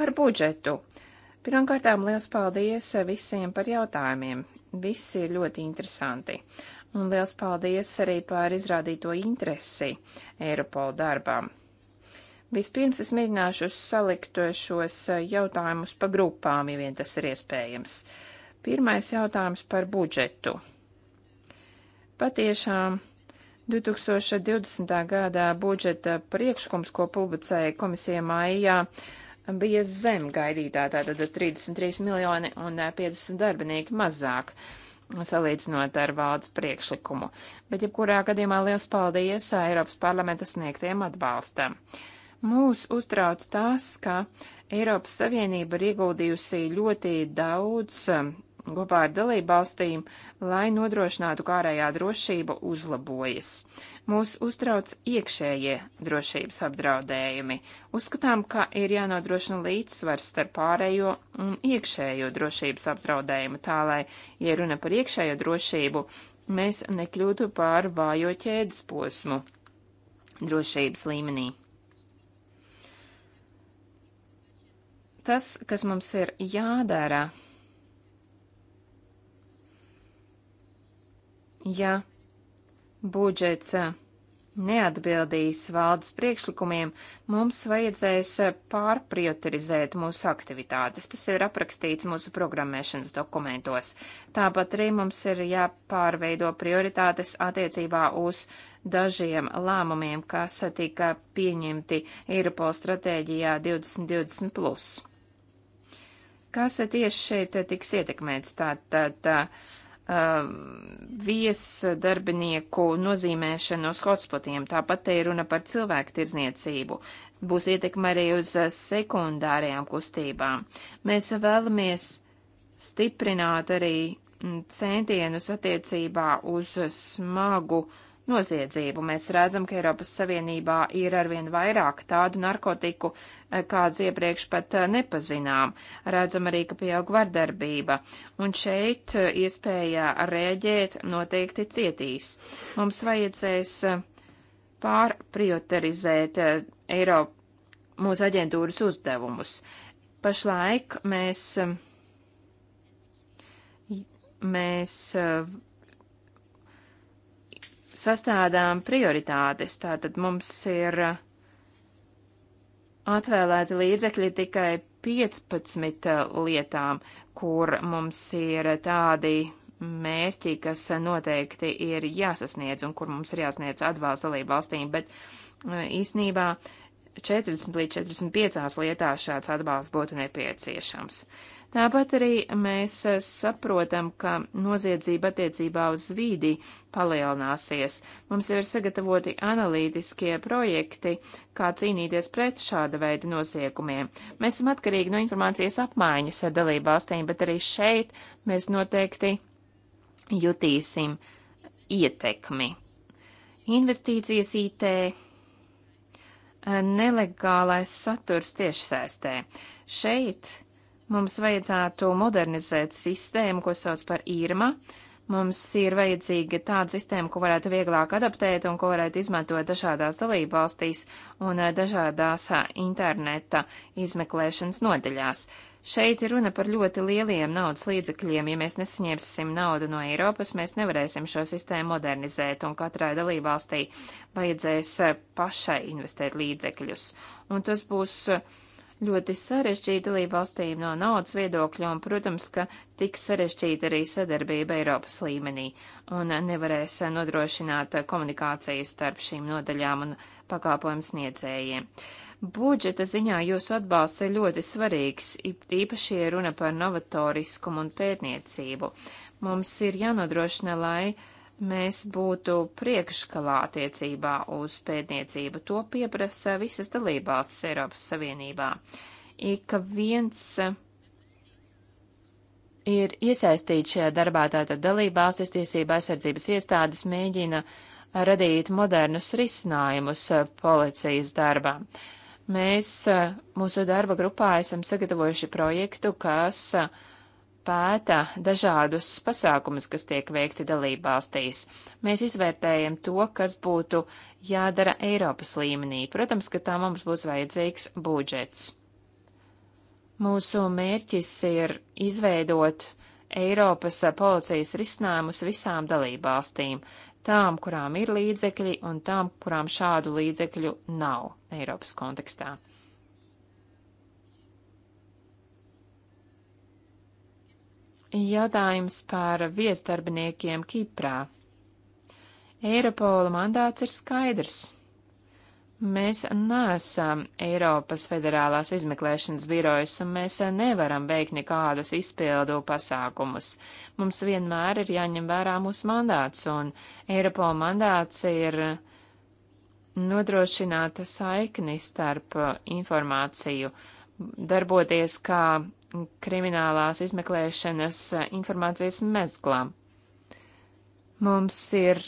Par budžetu. Pirmkārtām liels paldies visiem par jautājumiem. Visi ir ļoti interesanti. Un liels paldies arī par izrādīto interesi Eiropola darbām. Vispirms es mēģināšu salikt šos eh, jautājumus pa grupām, ja vien tas ir iespējams. Pirmais jautājums par budžetu. Patiešām 2020. gadā budžeta priekšlikums, ko publicēja komisija maijā, bija zem gaidītā, tātad 33 miljoni un 50 eh, darbinieki mazāk salīdzinot ar valdes priekšlikumu, bet jebkurā gadījumā liels paldies eh, Eiropas parlamenta sniegtiem atbalstam. Uh, Mūs uztrauc tas, ka Eiropas Savienība ir ieguldījusi ļoti daudz um, kopā ar dalībvalstīm, lai nodrošinātu, kā ārējā drošība uzlabojas. Mūs uztrauc iekšējie drošības apdraudējumi. Uzskatām, ka ir jānodrošina līdzsvars starp ārējo un iekšējo drošības apdraudējumu, tā lai, ja runa par iekšējo drošību, mēs nekļūtu pār vājo ķēdes posmu drošības līmenī. Tas, kas mums ir jādara, ja budžets neatbildīs valdes priekšlikumiem, mums vajadzēs pārprioritizēt mūsu aktivitātes. Tas jau ir aprakstīts mūsu programmēšanas dokumentos. Tāpat arī mums ir jāpārveido prioritātes attiecībā uz dažiem lēmumiem, kas tika pieņemti Eiropas stratēģijā 2020. Kas tieši šeit tiks ietekmēts? Tātad tā, tā, um, viesdarbinieku nozīmēšana uz hotspotiem, tāpat te ir runa par cilvēku tirzniecību. Būs ietekme arī uz sekundārajām kustībām. Mēs vēlamies stiprināt arī mm, centienus attiecībā uz smagu uh, noziedzību. Mēs redzam, ka Eiropas Savienībā ir arvien vairāk tādu narkotiku, eh, kādas iepriekš pat eh, nepazinām. Redzam arī, ka pieaug vardarbība. Un šeit eh, iespējā rēģēt noteikti cietīs. Mums vajadzēs pārprioritizēt Eiropu mūsu aģentūras uzdevumus. Pašlaik mēs, mēs sastādām prioritātes. Tātad mums ir uh, atvēlēti līdzekļi tikai 15 uh, lietām, kur mums ir tādi mērķi, kas uh, noteikti ir jāsasniedz un kur mums ir jāsniedz atbalsts dalību valstīm, bet īsnībā 40 līdz 45 lietās šāds atbalsts būtu nepieciešams. Uh, Tāpat arī mēs eh, saprotam, ka noziedzība attiecībā uz vīdi palielināsies. Mums jau ir sagatavoti analītiskie projekti, kā cīnīties pret šāda veida noziegumiem. Mēs esam atkarīgi no informācijas apmaiņas ar dalībvalstīm, bet arī šeit mēs noteikti jutīsim ietekmi. Investīcijas IT, eh, nelegālais saturs tiešsaistē. Šeit Mums vajadzētu modernizēt sistēmu, ko sauc par īrma. Mums ir vajadzīga tāda sistēma, ko varētu vieglāk adaptēt un ko varētu izmantot dažādās dalību valstīs un eh, dažādās eh, interneta izmeklēšanas nodeļās. Šeit ir runa par ļoti lieliem naudas līdzekļiem. Ja mēs nesaņemsim naudu no Eiropas, mēs nevarēsim šo sistēmu modernizēt, un katrai dalībvalstī vajadzēs eh, pašai investēt līdzekļus. Un tas būs uh, ļoti sarežģīta dalībvalstīm no naudas viedokļa, un, protams, ka tiks sarežģīta arī sadarbība Eiropas līmenī, un nevarēs nodrošināt komunikāciju starp šīm nodaļām un pakāpojumu sniedzējiem. Budžeta ziņā jūsu atbalsts ir ļoti svarīgs, īpaši, ja runa par novatoriskumu un pētniecību. Mums ir jānodrošina, lai mēs būtu priekškalā attiecībā uz pētniecību. To pieprasa visas dalībvalstis Eiropas Savienībā. Ik viens ir iesaistīts šajā darbā, tātad dalībvalstis tiesība aizsardzības iestādes mēģina radīt modernus risinājumus policijas darbām. Mēs mūsu darba grupā esam sagatavojuši projektu, kas uh, pēta dažādus pasākumus, kas tiek veikti dalībvalstīs. Mēs izvērtējam to, kas būtu jādara Eiropas līmenī. Protams, ka tā mums būs vajadzīgs budžets. Mūsu mērķis ir izveidot Eiropas policijas risinājumus visām dalībvalstīm, tām, kurām ir līdzekļi un tām, kurām šādu līdzekļu nav Eiropas kontekstā. Jautājums par viesdarbiniekiem Kiprā. Eiropola mandāts ir skaidrs. Mēs neesam Eiropas federālās izmeklēšanas birojas, un mēs nevaram veikt nekādus izpildu pasākumus. Mums vienmēr ir jāņem vērā mūsu mandāts, un Eiropola mandāts ir nodrošināt saikni starp informāciju, darboties kā kriminālās izmeklēšanas eh, informācijas mezglā. Mums ir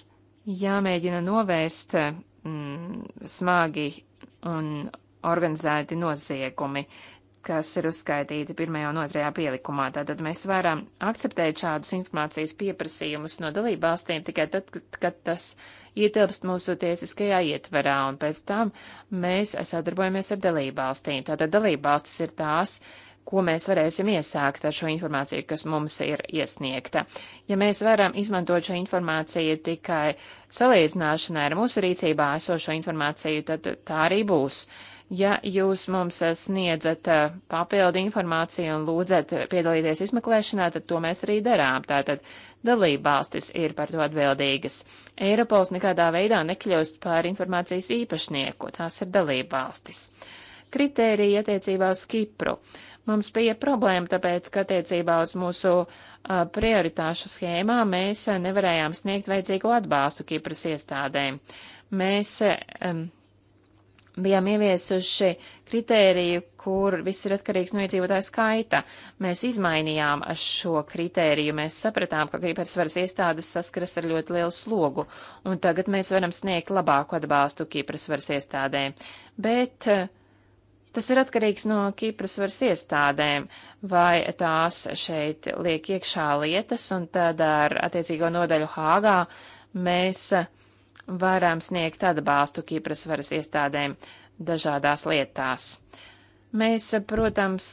jāmēģina novērst eh, mm, smagi un organizēti noziegumi, kas ir uzskaitīti pirmajā un otrajā pielikumā. Tātad mēs varam akceptēt šādus informācijas pieprasījumus no dalībvalstīm tikai tad, kad, kad tas ietilpst mūsu tiesiskajā ietverā, un pēc tam mēs sadarbojamies ar dalībvalstīm. Tātad dalībvalstis ir tās, ko mēs varēsim iesākt ar šo informāciju, kas mums ir iesniegta. Ja mēs varam izmantot šo informāciju tikai salīdzināšanai ar mūsu rīcībā esošo informāciju, tad tā arī būs. Ja jūs mums sniedzat eh, papildu informāciju un lūdzat piedalīties izmeklēšanā, tad to mēs arī darām. Tātad dalībvalstis ir par to atbildīgas. Eiropols nekādā veidā nekļūst par informācijas īpašnieku, tās ir dalībvalstis. Kritērija attiecībā uz Kipru. Uh, Mums bija problēma, tāpēc, ka attiecībā uz mūsu prioritāšu schēmā mēs nevarējām sniegt vajadzīgo atbalstu Kipras iestādēm. Mēs um, bijām ieviesuši kritēriju, kur viss ir atkarīgs no iedzīvotāju skaita. Mēs izmainījām šo kritēriju, mēs sapratām, ka Kipras varas iestādes saskaras ar ļoti lielu slogu, un tagad mēs varam sniegt labāku atbalstu Kipras varas iestādēm. Bet uh, Tas ir atkarīgs no Kipras varas iestādēm, vai tās šeit liek iekšā lietas, un tad ar attiecīgo nodaļu Hāgā mēs varam sniegt atbalstu Kipras varas iestādēm dažādās lietās. Mēs, protams,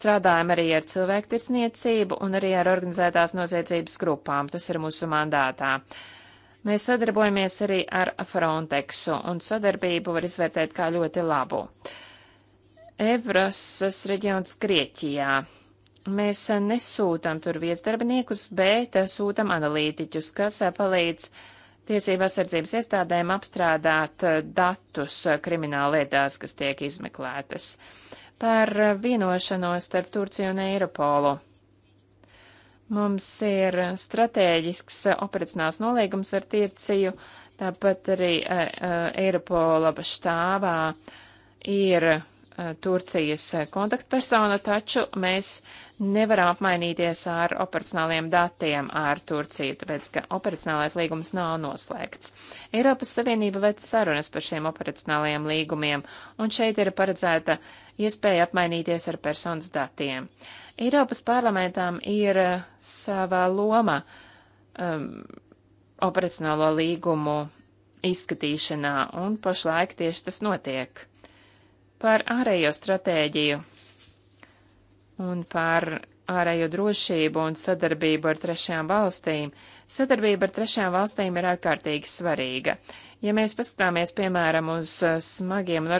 strādājam arī ar cilvēktirdzniecību un arī ar organizētās noziedzības grupām. Tas ir mūsu mandātā. Uh, Mēs sadarbojamies arī ar Frontexu, un sadarbību var izvērtēt kā ļoti labu. Evrasas reģions Grieķijā. Mēs nesūtam tur viesdarbiniekus, bet sūtam analītiķus, kas palīdz tiesību aizsardzības iestādēm apstrādāt datus krimināllietās, kas tiek izmeklētas par vienošanos starp Turciju un Eiropolu. Mums ir eh, strateģisks eh, operacionāls nolīgums ar Tirciju, tāpat arī eh, Eiropola štāvā ir Turcijas kontaktpersona, taču mēs nevaram apmainīties ar operacionāliem datiem ar Turciju, tāpēc ka operacionālais līgums nav noslēgts. Eiropas Savienība veic sarunas par šiem operacionālajiem līgumiem, un šeit ir paredzēta iespēja apmainīties ar personas datiem. Uh, Eiropas parlamentām ir eh, savā loma um, operacionālo līgumu izskatīšanā, un pašlaik tieši tas notiek. Par ārējo stratēģiju un par ārējo drošību un sadarbību ar trešajām valstīm. Sadarbība ar trešajām valstīm ir ārkārtīgi svarīga. Ja mēs paskatāmies, piemēram, uz uh, smagiem un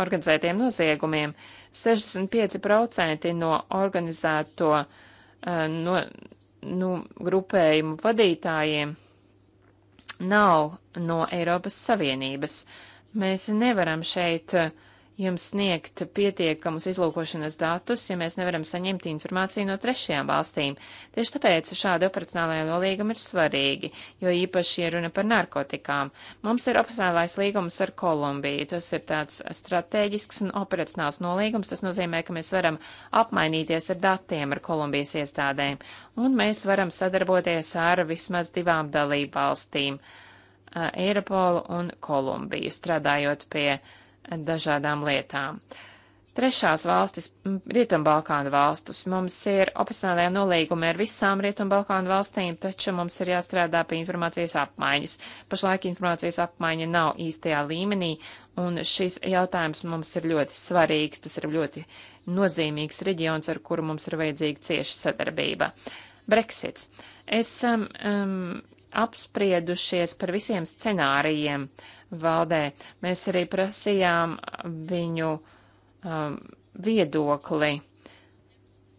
organizētiem noziegumiem, 65% no organizēto uh, no, nu, grupējumu vadītājiem nav no Eiropas Savienības. Mēs nevaram šeit uh, jums sniegt pietiekamus izlūkošanas datus, ja mēs nevaram saņemt informāciju no trešajām valstīm. Tieši tāpēc šādi operacionālajie nolīgumi ir svarīgi, jo īpaši ir runa par narkotikām. Mums ir operacionālais līgums ar Kolumbiju. Tas ir tāds strateģisks un operacionāls nolīgums. Tas nozīmē, ka mēs varam apmainīties ar datiem ar Kolumbijas iestādēm, un mēs varam sadarboties ar vismaz divām dalību valstīm. Eiropolu un Kolumbiju, strādājot pie uh, dažādām lietām. Trešās valstis, Rietumbalkānu valstis, mums ir operacionālajā nolīguma ar visām Rietumbalkānu valstīm, taču mums ir jāstrādā pie informācijas apmaiņas. Pašlaik informācijas apmaiņa nav īstajā līmenī, un šis jautājums mums ir ļoti svarīgs, tas ir ļoti nozīmīgs reģions, ar kuru mums ir vajadzīga cieša sadarbība. Brexits. Esam um, apspriedušies par visiem scenārijiem. Uh, valdē. Mēs arī prasījām viņu um, viedokli.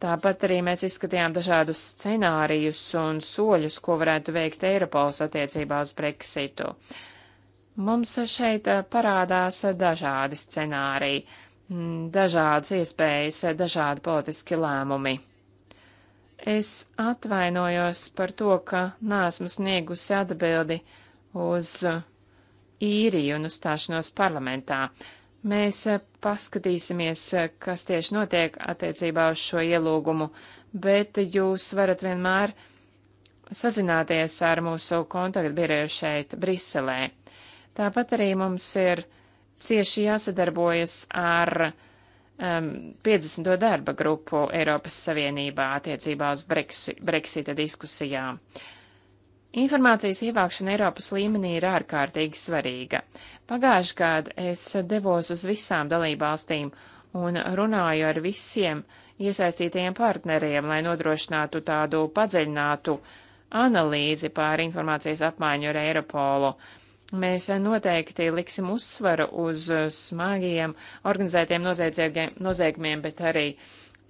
Tāpat arī mēs izskatījām dažādus scenārijus un soļus, ko varētu veikt Eiropols attiecībā uz Brexitu. Mums šeit uh, parādās dažādi scenāriji, mm, dažādas iespējas, dažādi politiski lēmumi. Es atvainojos par to, ka nāsmu sniegusi atbildi uz uh, īriju un uzstāšanos parlamentā. Mēs eh, paskatīsimies, eh, kas tieši notiek attiecībā uz šo ielūgumu, bet jūs varat vienmēr sazināties ar mūsu kontaktbiroju šeit, Briselē. Tāpat arī mums ir cieši jāsadarbojas ar um, ehm, 50. darba grupu Eiropas Savienībā attiecībā uz Brexita diskusijām. Uh, Informācijas ievākšana Eiropas līmenī ir ārkārtīgi svarīga. Pagājuši gadu es devos uz visām dalībvalstīm un runāju ar visiem iesaistītajiem partneriem, lai nodrošinātu tādu padziļinātu analīzi pār informācijas apmaiņu ar Eiropolu. Mēs noteikti liksim uzsvaru uz smagiem organizētiem noziegumiem, bet arī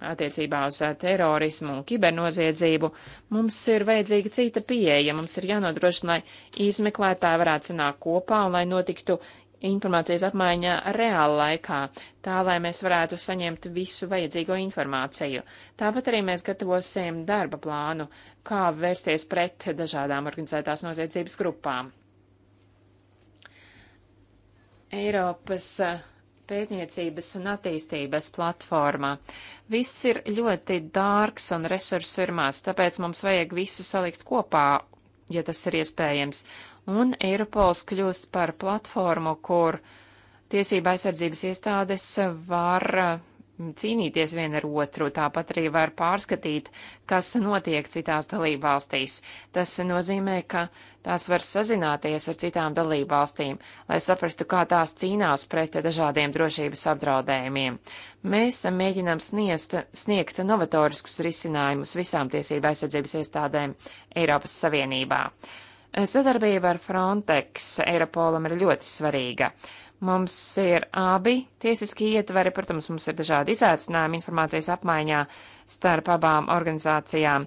attiecībā uz uh, terorismu un kibernoziedzību, mums ir vajadzīga cita pieeja. Mums ir jānodrošina, lai izmeklētāji varētu sanākt kopā un lai notiktu informācijas apmaiņa reāla laikā, tā lai mēs varētu saņemt visu vajadzīgo informāciju. Tāpat arī mēs gatavosim darba plānu, kā vērsties pret dažādām organizētās noziedzības grupām. Eiropas uh, pētniecības un attīstības platformā. Uh, Viss ir ļoti dārgs un resursu ir maz, tāpēc mums vajag visu salikt kopā, ja tas ir iespējams. Un Eiropols kļūst par platformu, kur tiesība aizsardzības iestādes var cīnīties viena ar otru, tāpat arī var pārskatīt, kas notiek citās dalībvalstīs. Tas nozīmē, ka tās var sazināties ar citām dalībvalstīm, lai saprastu, kā tās cīnās pret dažādiem drošības apdraudējumiem. Mēs mēģinām sniest, sniegt novatoriskus risinājumus visām tiesību aizsardzības iestādēm Eiropas Savienībā. Sadarbība ar Frontex Eiropolam ir ļoti svarīga. Mums ir abi tiesiski ietvari, protams, mums ir dažādi izaicinājumi informācijas apmaiņā starp abām organizācijām.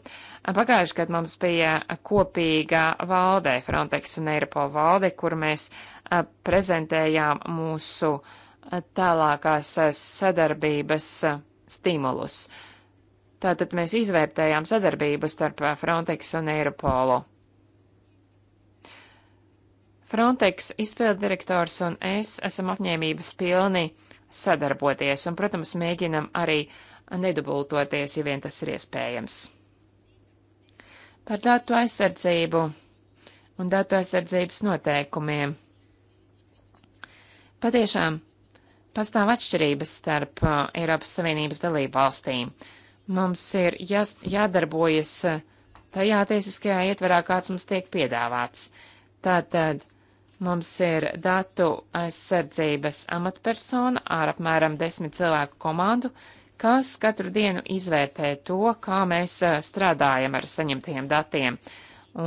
Pagājuši gadu mums bija kopīga valde, Frontex un Eiropola valde, kur mēs prezentējām mūsu tālākās sadarbības stimulus. Tātad mēs izvērtējām sadarbību starp Frontex un Eiropolu. Frontex izpildirektors un es esam apņēmības pilni sadarboties un, protams, mēģinam arī nedubultoties, ja vien tas ir iespējams. Par datu aizsardzību un datu aizsardzības noteikumiem. Patiešām pastāv atšķirības starp uh, Eiropas Savienības dalību valstīm. Mums ir jās, jādarbojas uh, tajā tiesiskajā ietverā, kāds mums tiek piedāvāts. Tātad Mums ir datu aizsardzības amatpersona ar apmēram desmit cilvēku komandu, kas katru dienu izvērtē to, kā mēs strādājam ar saņemtajiem datiem.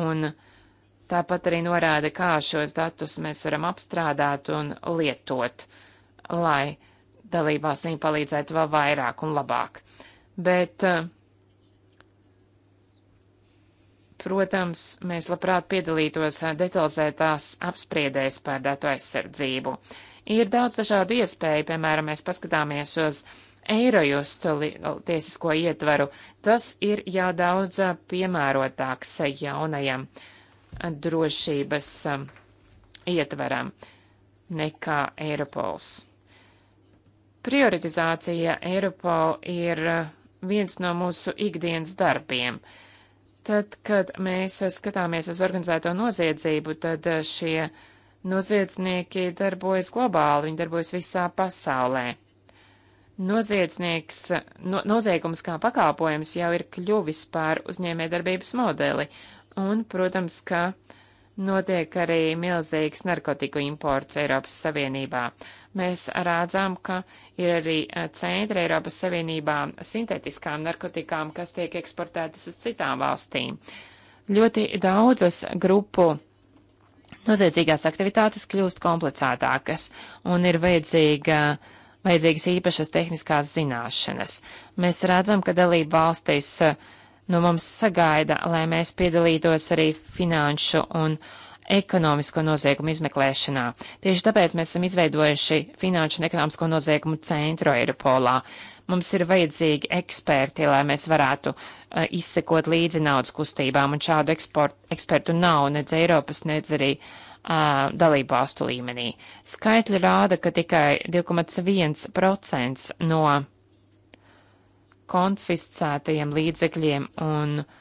Un tāpat arī norāda, kā šos datus mēs varam apstrādāt un lietot, lai dalībvalstīm palīdzētu vēl vairāk un labāk. Bet uh, Protams, mēs labprāt piedalītos detalizētās apspriedēs par datu aizsardzību. Ir daudz dažādu iespēju, piemēram, mēs paskatāmies uz Eirojustu tiesisko ietvaru. Tas ir jau daudz piemērotāks jaunajam drošības ietvaram nekā Eiropols. Prioritizācija Eiropola ir viens no mūsu ikdienas darbiem. Uh, Tad, kad mēs skatāmies uz organizēto noziedzību, tad šie noziedznieki darbojas globāli, viņi darbojas visā pasaulē. Noziedznieks, no, noziegums kā pakalpojums jau ir kļuvis par uzņēmējdarbības modeli, un, protams, ka notiek arī milzīgs narkotiku imports Eiropas Savienībā. Uh, mēs rādzām, ka ir arī eh, centri Eiropas Savienībā sintētiskām narkotikām, kas tiek eksportētas uz citām valstīm. Ļoti daudzas grupu noziedzīgās aktivitātes kļūst komplicētākas un ir vajadzīga vajadzīgas īpašas tehniskās zināšanas. Mēs redzam, ka dalība valstīs eh, no mums sagaida, lai mēs piedalītos arī finanšu un uh, ekonomisko noziegumu izmeklēšanā. Tieši tāpēc mēs esam izveidojuši Finanšu un ekonomisko noziegumu centru Eiropolā. Mums ir vajadzīgi eksperti, lai mēs varētu uh, izsekot līdzi naudas kustībām, un šādu eksport, ekspertu nav nedz Eiropas, nedz arī uh, dalībvalstu līmenī. Skaitļi rāda, ka tikai 2,1% no konfiscētajiem līdzekļiem un uh,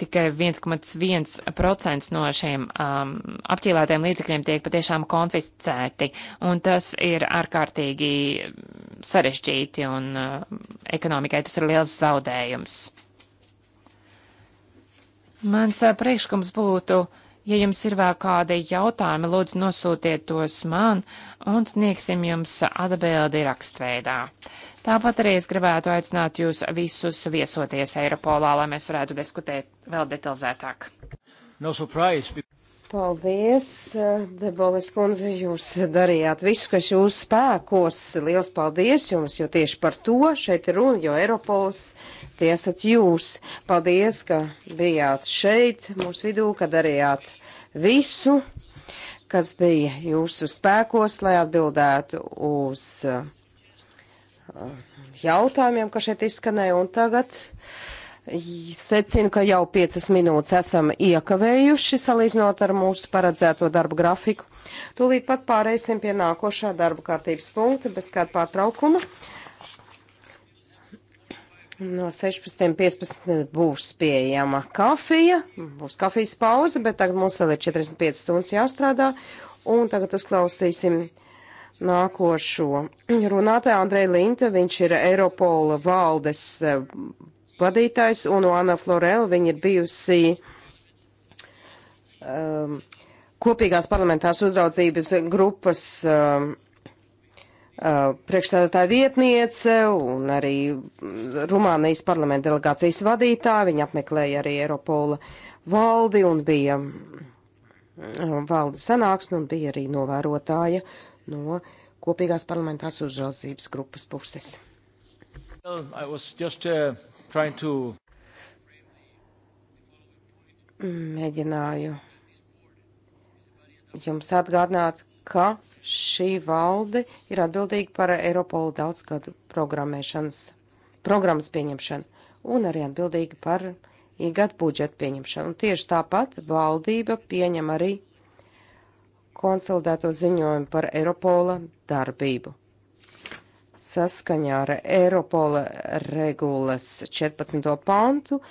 tikai 1,1% no šiem um, apķīlētiem līdzekļiem tiek patiešām konfiscēti, un tas ir ārkārtīgi sarežģīti, un uh, ekonomikai tas ir liels zaudējums. Mans uh, priekšlikums būtu uh, Ja jums ir vēl kādi jautājumi, lūdzu nosūtiet tos man un sniegsim jums atbildi rakstveidā. Tāpat arī es gribētu aicināt jūs visus viesoties Eiropolā, lai mēs varētu diskutēt vēl detalizētāk. No surprise. Paldies, Debolis kundze, jūs darījāt visu, kas jūs spēkos. Liels paldies jums, jo tieši par to šeit ir runa, jo Eiropols tie esat jūs. Paldies, ka bijāt šeit mūsu vidū, ka darījāt visu, kas bija jūsu spēkos, lai atbildētu uz uh, jautājumiem, kas šeit izskanēja. Un tagad secinu, ka jau piecas minūtes esam iekavējuši salīdzinot ar mūsu paredzēto darbu grafiku. Tūlīt pat pārēsim pie nākošā darba kārtības punkta bez kāda pārtraukuma. No 16.15 būs pieejama kafija, būs kafijas pauze, bet tagad mums vēl ir 45 stundas jāstrādā. Un tagad uzklausīsim nākošo runātāju Andreju Linta, viņš ir Eiropola valdes eh, vadītājs, un Anna Florel, viņa ir bijusi um, kopīgās parlamentās uzraudzības grupas um, Uh, priekšstādātāja vietniece un arī Rumānijas parlamenta delegācijas vadītāja. Viņa apmeklēja arī Eiropola valdi un bija uh, valdes sanāksme un bija arī novērotāja no kopīgās parlamentās uzraudzības grupas puses. Well, just, uh, to... Mēģināju jums atgādināt, ka šī valde ir atbildīga par Eiropolu daudzgadu programmēšanas programmas pieņemšanu un arī atbildīga par gadu budžetu pieņemšanu. Un tieši tāpat valdība pieņem arī konsolidēto ziņojumu par Eiropola darbību. Saskaņā ar Eiropola regulas 14. pantu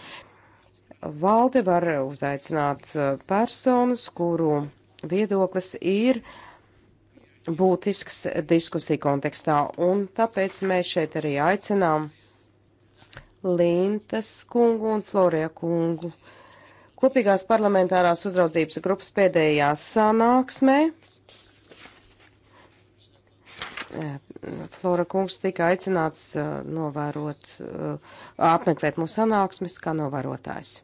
valde var uzaicināt personas, kuru viedoklis ir uh, būtisks diskusiju kontekstā, un tāpēc mēs šeit arī aicinām Lintas kungu un Florija kungu. Kopīgās parlamentārās uzraudzības grupas pēdējā sanāksmē Flora kungs tika aicināts uh, novērot, uh, apmeklēt mūsu sanāksmes kā novērotājs.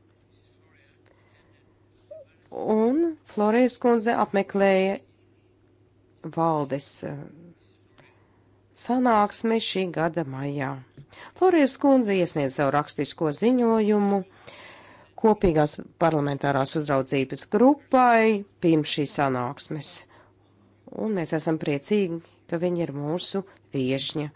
Un Florijas kundze apmeklēja valdes eh, sanāksmi šī gada maijā. Florijas kundze iesniedz savu rakstisko ziņojumu kopīgās parlamentārās uzraudzības grupai pirms šīs sanāksmes. Un mēs esam priecīgi, ka viņa ir mūsu viešņa.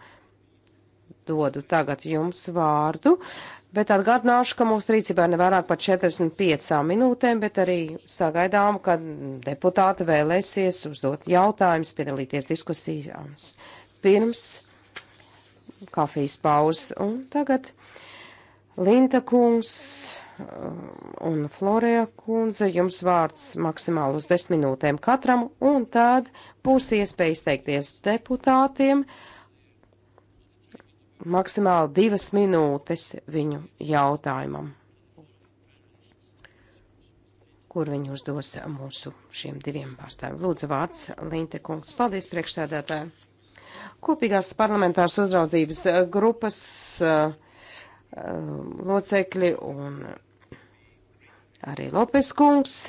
Dodu tagad jums vārdu. Uh, Bet atgādināšu, ka mūsu rīcībā ir nevairāk par 45 minūtēm, bet arī sagaidām, ka deputāti vēlēsies uzdot jautājumus, piedalīties diskusijās pirms kafijas pauzes. Un tagad Linta kungs uh, un Florija kundze, jums vārds maksimāli uz 10 minūtēm katram, un tad būs iespēja izteikties deputātiem. Uh, maksimāli divas minūtes viņu jautājumam, kur viņi uzdos mūsu šiem diviem pārstāvjiem. Lūdzu, vārds Linte kungs. Paldies, priekšsēdētāji. Kopīgās parlamentāras uzraudzības grupas uh, uh, locekļi un arī Lopes kungs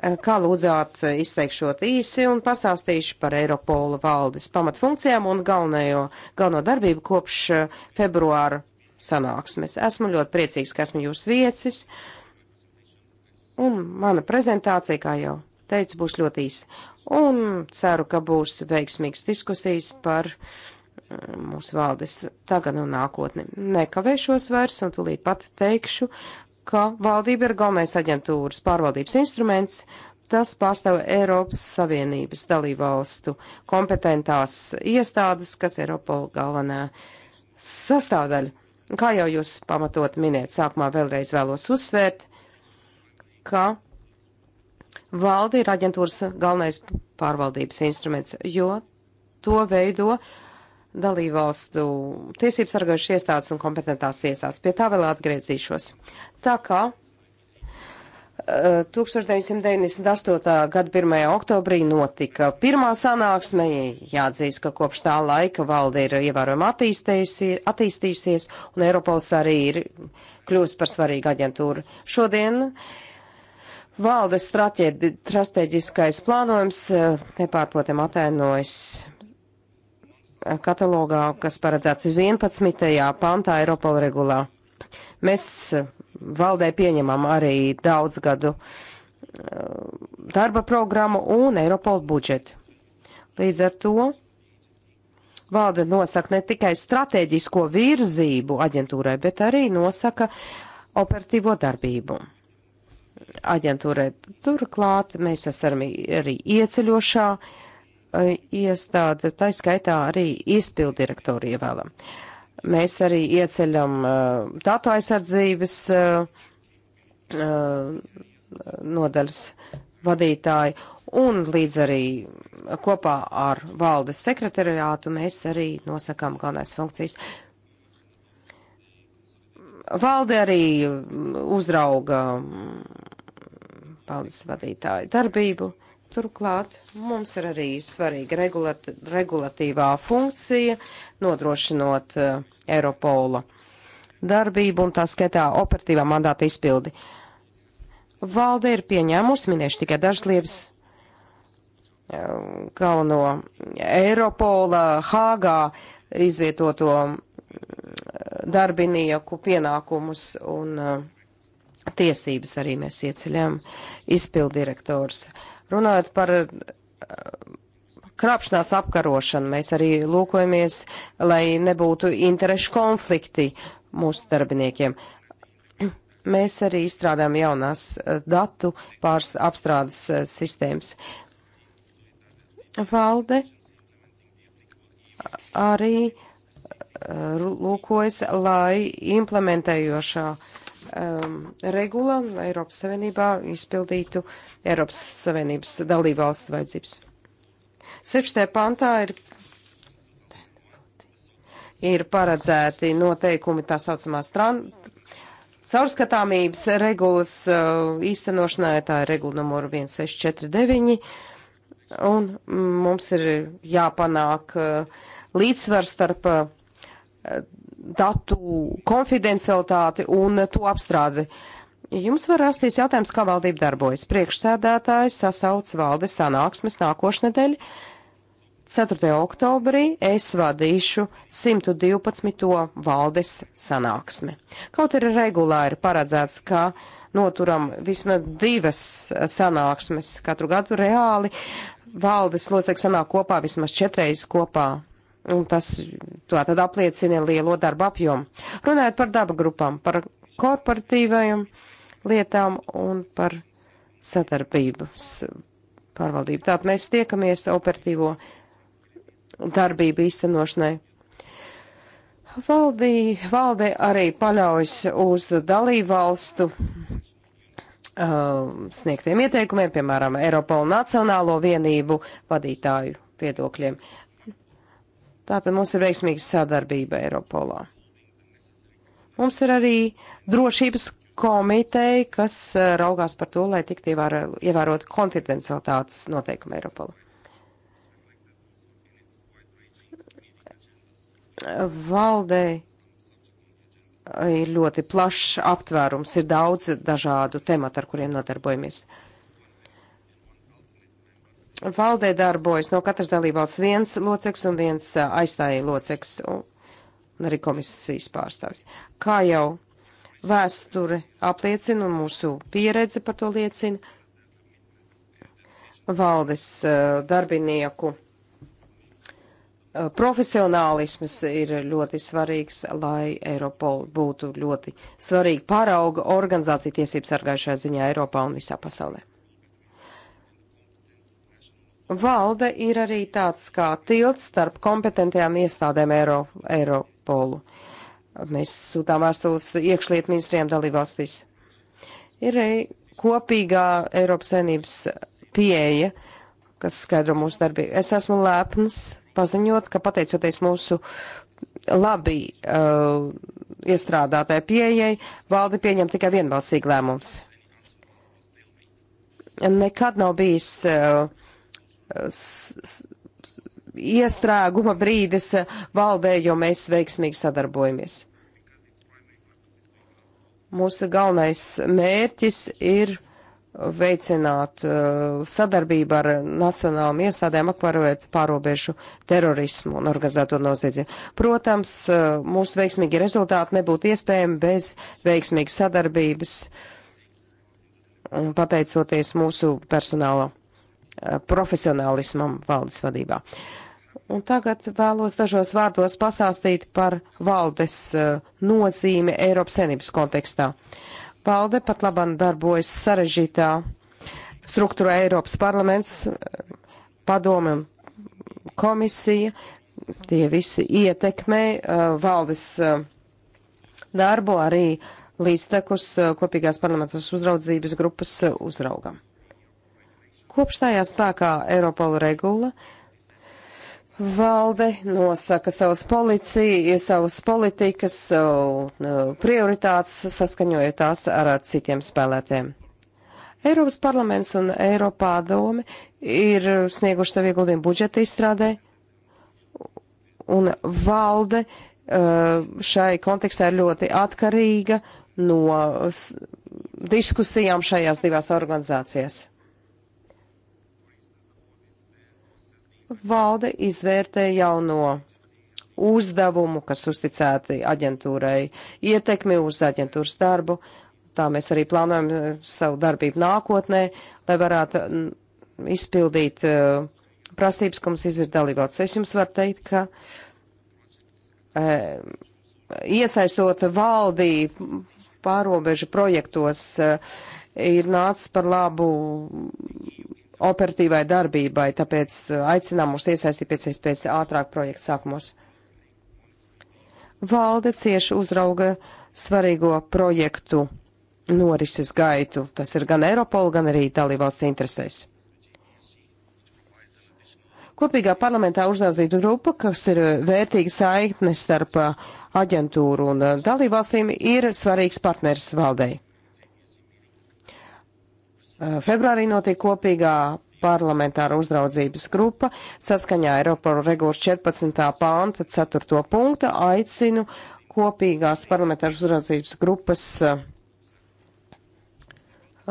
Eh, kā lūdzāt, eh, izteikšot īsi un pastāstīšu par Eiropola valdes pamatfunkcijām un galveno, galveno darbību kopš eh, februāra sanāksmes. Esmu ļoti priecīgs, ka esmu jūs viesis. Un mana prezentācija, kā jau teicu, būs ļoti īsa. Un ceru, ka būs veiksmīgas diskusijas par mūsu valdes tagad un nākotni. Nekavēšos vairs un tūlīt pat teikšu, ka valdība ir Gomēs aģentūras pārvaldības instruments, tas pārstāv Eiropas Savienības dalībvalstu kompetentās iestādes, kas Eiropola galvenā sastāvdaļa. Kā jau jūs pamatot minēt, sākumā vēlreiz vēlos uzsvērt, ka valdi ir aģentūras galvenais pārvaldības instruments, jo to veido dalībvalstu tiesības sargājušas iestādes un kompetentās iestādes. Pie tā vēl atgriezīšos. Tā kā 1998. Eh, gada 1. oktobrī notika pirmā sanāksme. Jāatzīst, ka kopš tā laika valde ir ievērojami attīstījusies, un Eiropols arī ir kļūst par svarīgu aģentūru. Šodien valdes strateģiskais plānojums eh, nepārprotam atainojas katalogā, kas paredzēts 11. pantā Eiropola regulā. Mēs valdē pieņemam arī daudzgadu eh, darba programmu un Eiropola budžetu. Līdz ar to valde nosaka ne tikai strateģisko virzību aģentūrai, bet arī nosaka operatīvo darbību aģentūrai. Turklāt mēs esam arī ieceļošā eh, iestāde, tā skaitā arī izpildirektoru ievēlam. Uh, Mēs arī ieceļam uh, datu aizsardzības uh, uh, nodaļas vadītāju un līdz arī kopā ar valdes sekretariātu mēs arī nosakām galvenās funkcijas. Valde arī uzrauga mm, valdes vadītāju darbību Turklāt mums ir arī svarīga regulat regulatīvā funkcija, nodrošinot uh, Eiropola darbību un tā skaitā operatīvā mandāta izpildi. Valde ir pieņēmusi, minēšu tikai dažsliepas, uh, eh, galveno Eiropola Hāgā izvietoto uh, darbinieku pienākumus un uh, tiesības arī mēs ieceļam izpildirektors. direktors Runājot par eh, krāpšanās apkarošanu, mēs arī lūkojamies, lai nebūtu interešu konflikti mūsu darbiniekiem. [CLEARS THROAT] Mēs arī izstrādājam jaunās eh, datu pārs apstrādes eh, sistēmas. Valde arī lūkojas, lai implementējošā uh, um, regula Eiropas Savienībā izpildītu Eiropas Savienības dalībvalstu vajadzības. 16. pantā ir, ir paredzēti noteikumi tā saucamās tran, caurskatāmības regulas uh, īstenošanai, tā ir regula numuru 1649, un mums ir jāpanāk uh, līdzsvars starp uh, datu konfidencialitāti un to apstrādi. Jums var rasties jautājums, kā valdība darbojas. Priekšsēdētājs sasauc valdes sanāksmes nākošnedēļ. 4. oktobrī es vadīšu 112. valdes sanāksmi. Kaut arī regulāri paredzēts, ka noturam vismaz divas sanāksmes katru gadu reāli, valdes locekļi sanāk kopā vismaz četreiz kopā Un tas tā tad apliecina lielo darbu apjomu. Runājot par darba grupām, par korporatīvajām lietām un par sadarbības pārvaldību. Tātad mēs tiekamies operatīvo darbību īstenošanai. Valdī, valde arī paļaujas uz dalību valstu uh, sniegtiem ieteikumiem, piemēram, Eiropa un Nacionālo vienību vadītāju viedokļiem. Uh, Tātad mums ir veiksmīga sadarbība Eiropolā. Mums ir arī drošības komiteja, kas eh, raugās par to, lai tiktu ievērot konfidencialitātes noteikumu Eiropolā. Valdei eh, ir ļoti plašs aptvērums, ir daudz dažādu tematu, ar kuriem nodarbojamies. Uh, valdē darbojas no katras dalībvalsts viens loceks un viens aizstājēja loceks un arī komisijas pārstāvis. Kā jau vēsture apliecina un mūsu pieredze par to liecina, valdes darbinieku profesionālisms ir ļoti svarīgs, lai Eiropol būtu ļoti svarīga parauga organizācija tiesības sargājušajā ziņā Eiropā un visā pasaulē valde ir arī tāds kā tilts starp kompetentajām iestādēm Eiro, Eiropolu. Mēs sūtām vēstules iekšlietu ministrijām dalībvalstīs. Ir arī kopīgā Eiropas saimnības pieeja, kas skaidro mūsu darbību. Es esmu lēpns paziņot, ka pateicoties mūsu labi uh, iestrādātai pieejai, valde pieņem tikai vienbalsīgi lēmums. Nekad nav bijis uh, iestrēguma brīdis eh, valdē, jo mēs veiksmīgi sadarbojamies. Mūsu galvenais mērķis ir veicināt uh, sadarbību ar nacionālām iestādēm, apkarojot pārobežu terorismu un organizēto noziedzību. Protams, uh, mūsu veiksmīgi rezultāti nebūtu iespējami bez veiksmīgas sadarbības un pateicoties mūsu personālam Eh, profesionālismam valdes vadībā. Un tagad vēlos dažos vārdos pastāstīt par valdes eh, nozīmi Eiropas Savienības kontekstā. Valde pat labam darbojas sarežģītā struktūra Eiropas parlaments, eh, padome un komisija. Tie visi ietekmē valdes darbu arī līdztekus kopīgās parlamentas uzraudzības grupas uzraugam. Kopš tajā spēkā Eiropola regula valde nosaka savas policija, savas politikas, savu uh, prioritātes, saskaņojot tās ar citiem spēlētiem. Eiropas parlaments un Eiropā domi ir snieguši savu ieguldījumu budžeta izstrādē, un valde uh, šai kontekstā ir ļoti atkarīga no diskusijām šajās divās organizācijās. valde izvērtē jauno uzdevumu, kas uzticēti aģentūrai, ietekmi uz aģentūras darbu. Tā mēs arī plānojam eh, savu darbību nākotnē, lai varētu mm, izpildīt uh, prasības, ko mums izvirda dalībvalsts. Es jums varu teikt, ka uh, iesaistot valdī pārobežu projektos uh, ir nācis par labu operatīvai darbībai, tāpēc uh, aicinām mūs iesaistīt pēc iespējas ātrāk projekta sākumos. Valde cieši uzrauga svarīgo projektu norises gaitu. Tas ir gan Eiropola, gan arī dalībvalsts interesēs. Kopīgā parlamentā uzraudzīta grupa, kas ir uh, vērtīga saikne starp uh, aģentūru un dalībvalstīm, ir svarīgs partners valdei. Eh, februārī notiek kopīgā parlamentāra uzraudzības grupa saskaņā Eiroporu regulas 14. panta 4. punkta aicinu kopīgās parlamentāras uzraudzības grupas eh,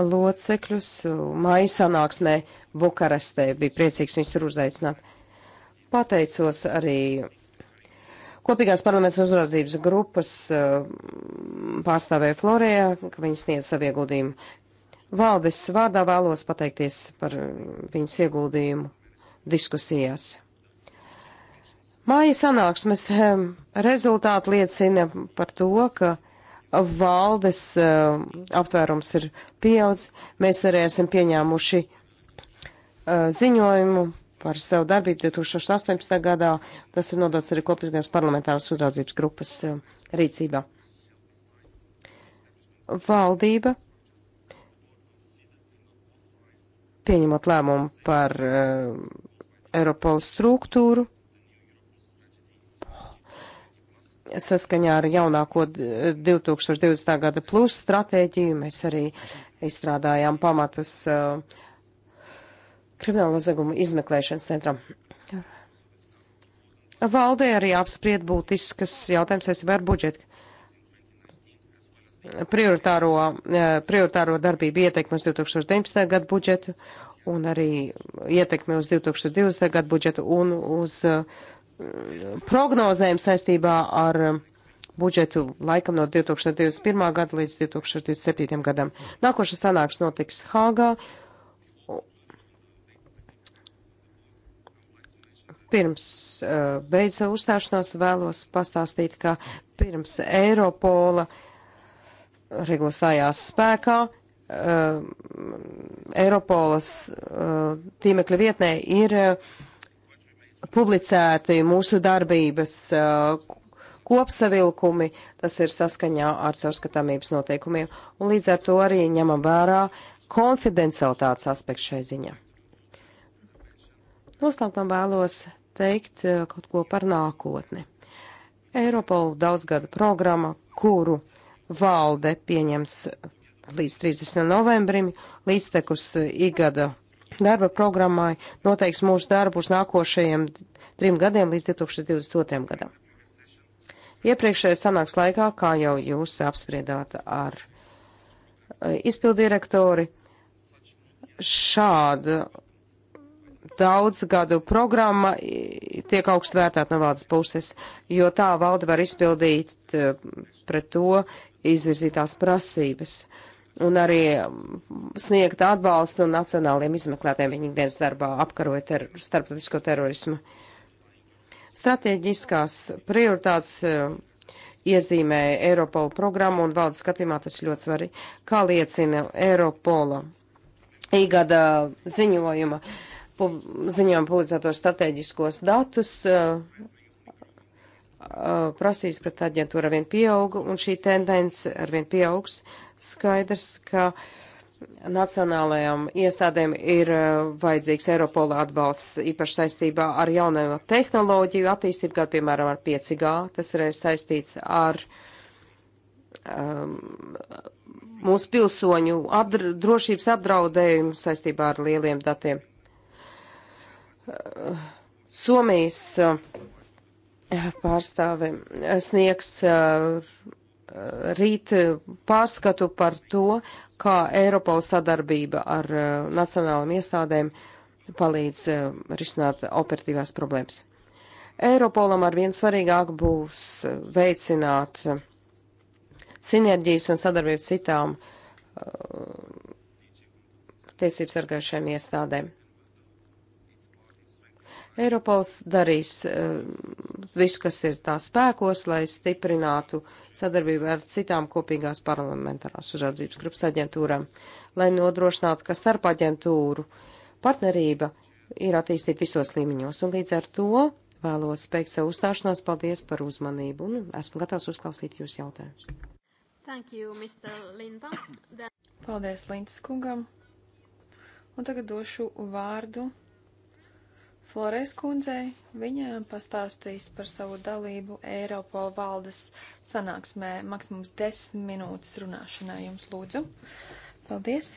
locekļus eh, mājas sanāksmē Bukarestē. Bija priecīgs viņus tur uzaicināt. Pateicos arī kopīgās parlamentāras uzraudzības grupas pārstāvēja Florējā, ka viņi sniedz savu ieguldījumu Valdes vārdā vēlos pateikties par uh, viņas ieguldījumu diskusijās. Māja sanāksmes ehm, rezultāti liecina par to, ka valdes ehm, aptvērums ir pieaudz. Mēs arī esam pieņēmuši ehm, ziņojumu par savu darbību 2018. gadā. Tas ir nodots arī kopīgās parlamentāras uzraudzības grupas rīcībā. Valdība pieņemot lēmumu par uh, Eiropola struktūru, saskaņā ar jaunāko 2020. Eh, gada plus stratēģiju mēs arī izstrādājām pamatus uh, kriminālo zagumu izmeklēšanas centram. Valdē arī apspried būtiskas jautājums saistībā ar budžetu prioritāro, eh, prioritāro darbību ietekmi uz 2019. gadu budžetu un arī ietekmi uz 2020. gadu budžetu un uz eh, prognozēm saistībā ar budžetu laikam no 2021. gada līdz 2027. gadam. Nākošais sanāks notiks Hāgā. Pirms uh, beidza uzstāšanās vēlos pastāstīt, ka pirms Eiropola uh, regula stājās spēkā, uh, Eiropolas uh, tīmekļa vietnē ir uh, publicēti mūsu darbības uh, kopsavilkumi, tas ir saskaņā ar caurskatāmības noteikumiem, un līdz ar to arī ņemam vērā konfidencialitātes aspekts šai ziņā. Noslēgumā vēlos teikt kaut ko par nākotni. Eiropola daudzgada programma, kuru valde pieņems līdz 30. novembrim, līdztekus eh, igada darba programmai, noteiks mūsu darbus nākošajiem trim gadiem līdz 2022. gadam. Iepriekšējā sanāks laikā, kā jau jūs apspriedāt ar eh, izpildirektori, šāda daudzgadu programma eh, tiek augstu vērtēt no valdes puses, jo tā valde var izpildīt pret to izvirzītās prasības un arī um, sniegt atbalstu nacionāliem izmeklētiem viņa ikdienas darbā, apkarojot ter starptautisko terorismu. Stratēģiskās prioritātes uh, iezīmē Eiropola programmu un valdes skatījumā tas ļoti svarīgi, kā liecina Eiropola īgada ziņojuma, pu ziņojuma publicēto strateģiskos datus. Uh, Uh, prasīs pret aģentūru arvien pieauga, un šī tendence arvien pieaugs. Skaidrs, ka nacionālajām iestādēm ir uh, vajadzīgs Eiropola atbalsts īpaši saistībā ar jaunajo tehnoloģiju attīstību, kā piemēram ar 5G. Tas ir saistīts ar um, mūsu pilsoņu apdr drošības apdraudējumu saistībā ar lieliem datiem. Uh, Somijas uh, pārstāvim eh, sniegs eh, rīt eh, pārskatu par to, kā Eiropola sadarbība ar nacionālām iestādēm palīdz risināt operatīvās problēmas. Eiropolam ar vien svarīgāk būs veicināt sinerģijas un sadarbību citām tiesības sargājušajām iestādēm. Eiropols darīs eh, visu, kas ir tā spēkos, lai stiprinātu sadarbību ar citām kopīgās parlamentārās uzraudzības grupas aģentūrām, lai nodrošinātu, ka starp aģentūru partnerība ir attīstīta visos līmeņos. Un līdz ar to vēlos beigt savu uzstāšanos. Paldies par uzmanību un esmu gatavs uzklausīt jūsu jautājumus. Thank you, Mr. Linda. Then... Paldies Lindas kungam. Un tagad došu vārdu Flores kundzei. Viņām pastāstīs par savu dalību Eiropola valdes sanāksmē. Maksimums desmit minūtes runāšanai jums lūdzu. Paldies!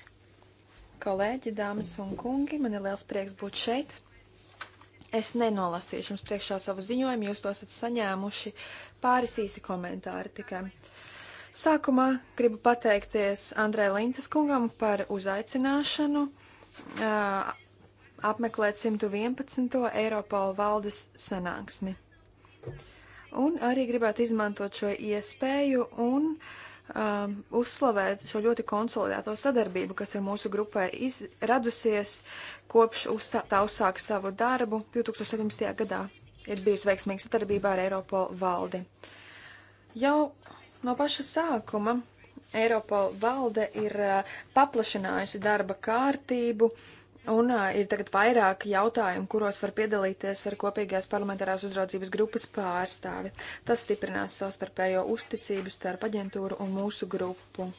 Kolēģi, dāmas un kungi, man ir liels prieks būt šeit. Es nenolasīšu jums priekšā savu ziņojumu, jūs to esat saņēmuši pāris īsi komentāri tikai. Sākumā gribu pateikties Andrē Lintas kungam par uzaicināšanu. Uh, apmeklēt 111. Eiropola valdes sanāksmi. Un arī gribētu izmantot šo iespēju un um, uzslavēt šo ļoti konsolidēto sadarbību, kas ir mūsu grupai iz, radusies kopš uzstā, tā uzsāka savu darbu 2017. gadā. Ir bijusi veiksmīga sadarbība ar Eiropola valdi. Jau no paša sākuma Eiropola valde ir uh, paplašinājusi darba kārtību, uh, Un uh, ir tagad vairāk jautājumu, kuros var piedalīties ar kopīgās parlamentārās uzraudzības grupas pārstāvi. Tas stiprinās savstarpējo uzticību starp aģentūru un mūsu grupu.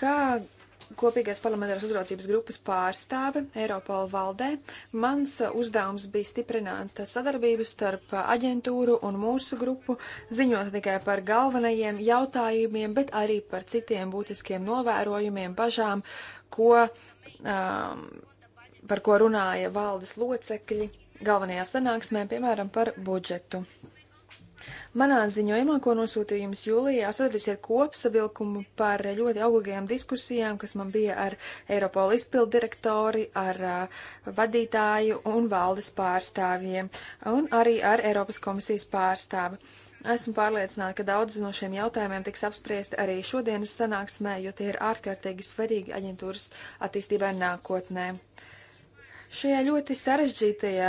Kā kopīgās parlamentārās uzraudzības grupas pārstāve Eiropola valdē, mans uzdevums bija stiprināt sadarbību starp aģentūru un mūsu grupu, ziņot tikai par galvenajiem jautājumiem, bet arī par citiem būtiskiem novērojumiem, bažām, ko. Um, par ko runāja valdes locekļi galvenajā sanāksmē, piemēram, par budžetu. Manā ziņojumā, ko nosūtīju jums jūlijā, atradīsiet kopsavilkumu par ļoti auglīgajām diskusijām, kas man bija ar Eiropola izpildirektori, ar uh, vadītāju un valdes pārstāvjiem, un arī ar Eiropas komisijas pārstāvi. Esmu pārliecināta, ka daudz no šiem jautājumiem tiks apspriesti arī šodienas sanāksmē, jo tie ir ārkārtīgi svarīgi aģentūras attīstībai nākotnē. Uh, Šajā ļoti sarežģītajā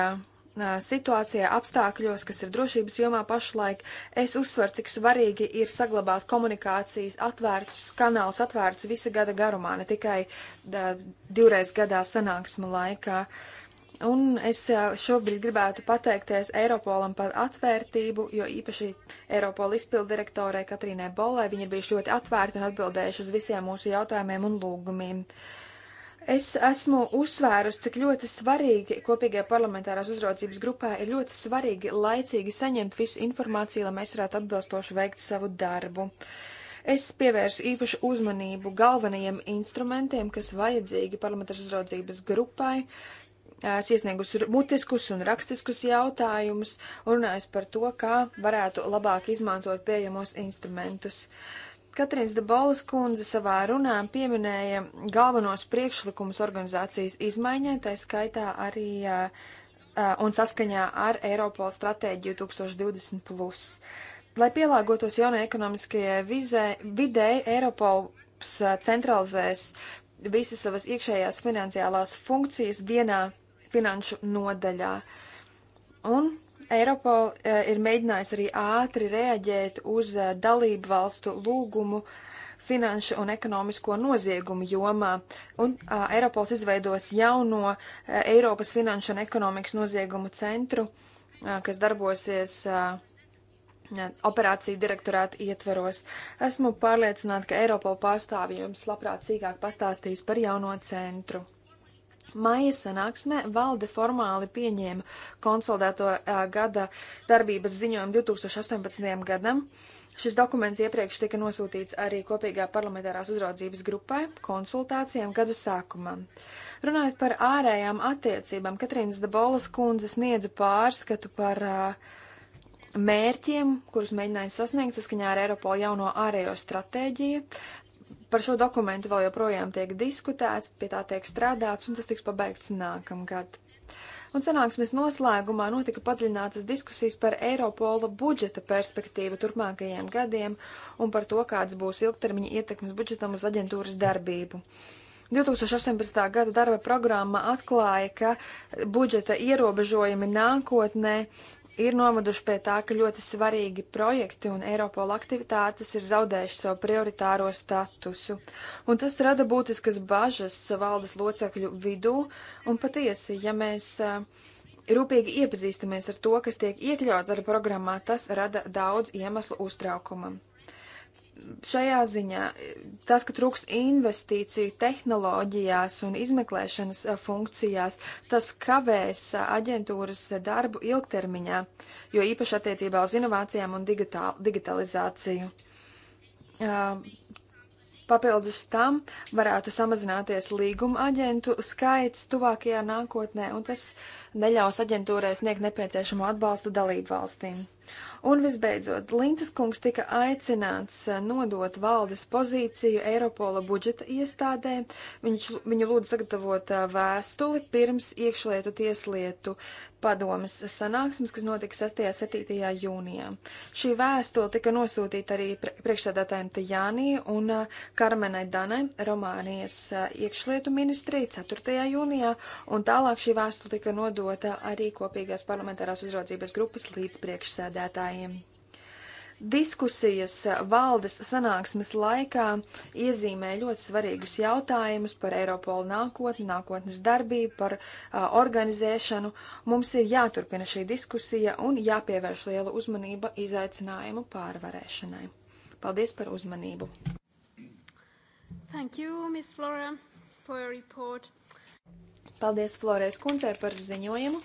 situācijā, apstākļos, kas ir drošības jomā pašlaik, es uzsveru, cik svarīgi ir saglabāt komunikācijas atvērtus kanālus, atvērtus visa gada garumā, ne tikai da, divreiz gadā sanāksmu laikā. Un es šobrīd gribētu pateikties Eiropolam par atvērtību, jo īpaši Eiropola izpildirektorai Katrīnai Bolē viņa bija ļoti atvērta un atbildējuši uz visiem mūsu jautājumiem un lūgumiem. Uh, Es esmu uzsvērusi, cik ļoti svarīgi kopīgajā parlamentārās uzraudzības grupā ir ļoti svarīgi laicīgi saņemt visu informāciju, lai mēs varētu atbilstoši veikt savu darbu. Es pievēršu īpašu uzmanību galvenajiem instrumentiem, kas vajadzīgi parlamentāras uzraudzības grupai. Es iesniegusi mutiskus un rakstiskus jautājumus, runājot par to, kā varētu labāk izmantot pieejamos instrumentus. Uh, Katrīnas Dabolas kundze savā runā pieminēja galvenos priekšlikumus organizācijas izmaiņai, tā skaitā arī uh, un saskaņā ar Eiropola stratēģiju 2020. Plus. Lai pielāgotos jaunai ekonomiskajai vizē, videi, Eiropols centralizēs visas savas iekšējās finansiālās funkcijas vienā finanšu nodaļā. Un Eiropol eh, ir mēģinājis arī ātri reaģēt uz eh, dalību valstu lūgumu finanšu un ekonomisko noziegumu jomā, un eh, Eiropols izveidos jauno Eiropas finanšu un ekonomikas noziegumu centru, kas darbosies operāciju direktorāta ietveros. Esmu pārliecināta, ka Eiropola pārstāvjums labprāt sīkāk pastāstīs par jauno centru. Māja sanāksmē valde formāli pieņēma konsolidēto uh, gada darbības ziņojumu 2018. gadam. Šis dokuments iepriekš tika nosūtīts arī kopīgā parlamentārās uzraudzības grupai konsultācijām gada sākumā. Runājot par ārējām attiecībām, Katrīnas Dabolas kundze sniedza pārskatu par uh, mērķiem, kurus mēģināja sasniegt saskaņā ar Eiropola jauno ārējo stratēģiju. Par šo dokumentu vēl joprojām tiek diskutēts, pie tā tiek strādāts, un tas tiks pabeigts nākamgad. Un sanāksmes noslēgumā notika padziļinātas diskusijas par Eiropola budžeta perspektīvu turpmākajiem gadiem un par to, kāds būs ilgtermiņa ietekmes budžetam uz aģentūras darbību. 2018. gada darba programma atklāja, ka budžeta ierobežojumi nākotnē ir novaduši pie tā, ka ļoti svarīgi projekti un Eiropola aktivitātes ir zaudējuši savu prioritāro statusu, un tas rada būtiskas bažas valdes locekļu vidū, un patiesi, ja mēs rūpīgi iepazīstamies ar to, kas tiek iekļauts ar programmā, tas rada daudz iemeslu uztraukumam šajā ziņā tas, ka trūks investīciju tehnoloģijās un izmeklēšanas funkcijās, tas kavēs aģentūras darbu ilgtermiņā, jo īpaši attiecībā uz inovācijām un digital, digitalizāciju. Papildus tam varētu samazināties līguma aģentu skaits tuvākajā nākotnē, un tas uh, neļaus aģentūrai sniegt nepieciešamo atbalstu dalību valstīm. Un visbeidzot, Lintas kungs tika aicināts eh, nodot valdes pozīciju Eiropola budžeta iestādē. Viņš, viņu lūdzu sagatavot eh, vēstuli pirms iekšlietu tieslietu padomas sanāksmes, kas notika 6. un 7. jūnijā. Šī vēstule tika nosūtīta arī priekšsēdētājiem Tajānī un eh, Karmenai Danai, Romānijas iekšlietu ministrija, 4. jūnijā, un tālāk šī vēstule tika nodota izveidota arī kopīgās parlamentārās uzraudzības grupas līdzpriekšsēdētājiem. Diskusijas valdes sanāksmes laikā iezīmē ļoti svarīgus jautājumus par Eiropolu nākotni, nākotnes darbību, par a, organizēšanu. Mums ir jāturpina šī diskusija un jāpievērš liela uzmanība izaicinājumu pārvarēšanai. Paldies par uzmanību! Thank you, Ms. Flora, for your report. Paldies Florēs kundzei par ziņojumu.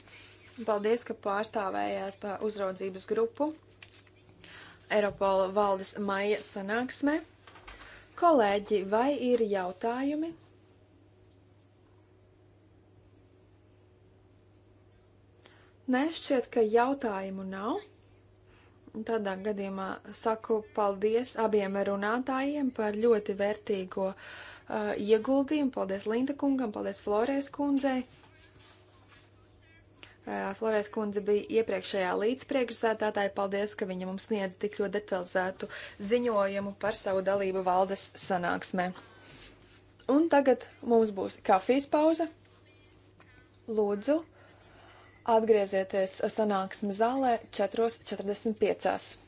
Paldies, ka pārstāvējāt uh, uzraudzības grupu Eiropola valdes maija sanāksmē. Kolēģi, vai ir jautājumi? Nešķiet, ka jautājumu nav. Tādā gadījumā saku paldies abiem runātājiem par ļoti vērtīgo uh, uh, ieguldījumu. Paldies Linda kungam, paldies Florēs kundzei. Uh, Florēs kundze bija iepriekšējā līdzpriekšsētātāja. Paldies, ka viņa mums sniedz tik ļoti detalizētu ziņojumu par savu dalību valdes sanāksmē. Un tagad mums būs kafijas pauze. Lūdzu, atgriezieties sanāksmu zālē 4.45.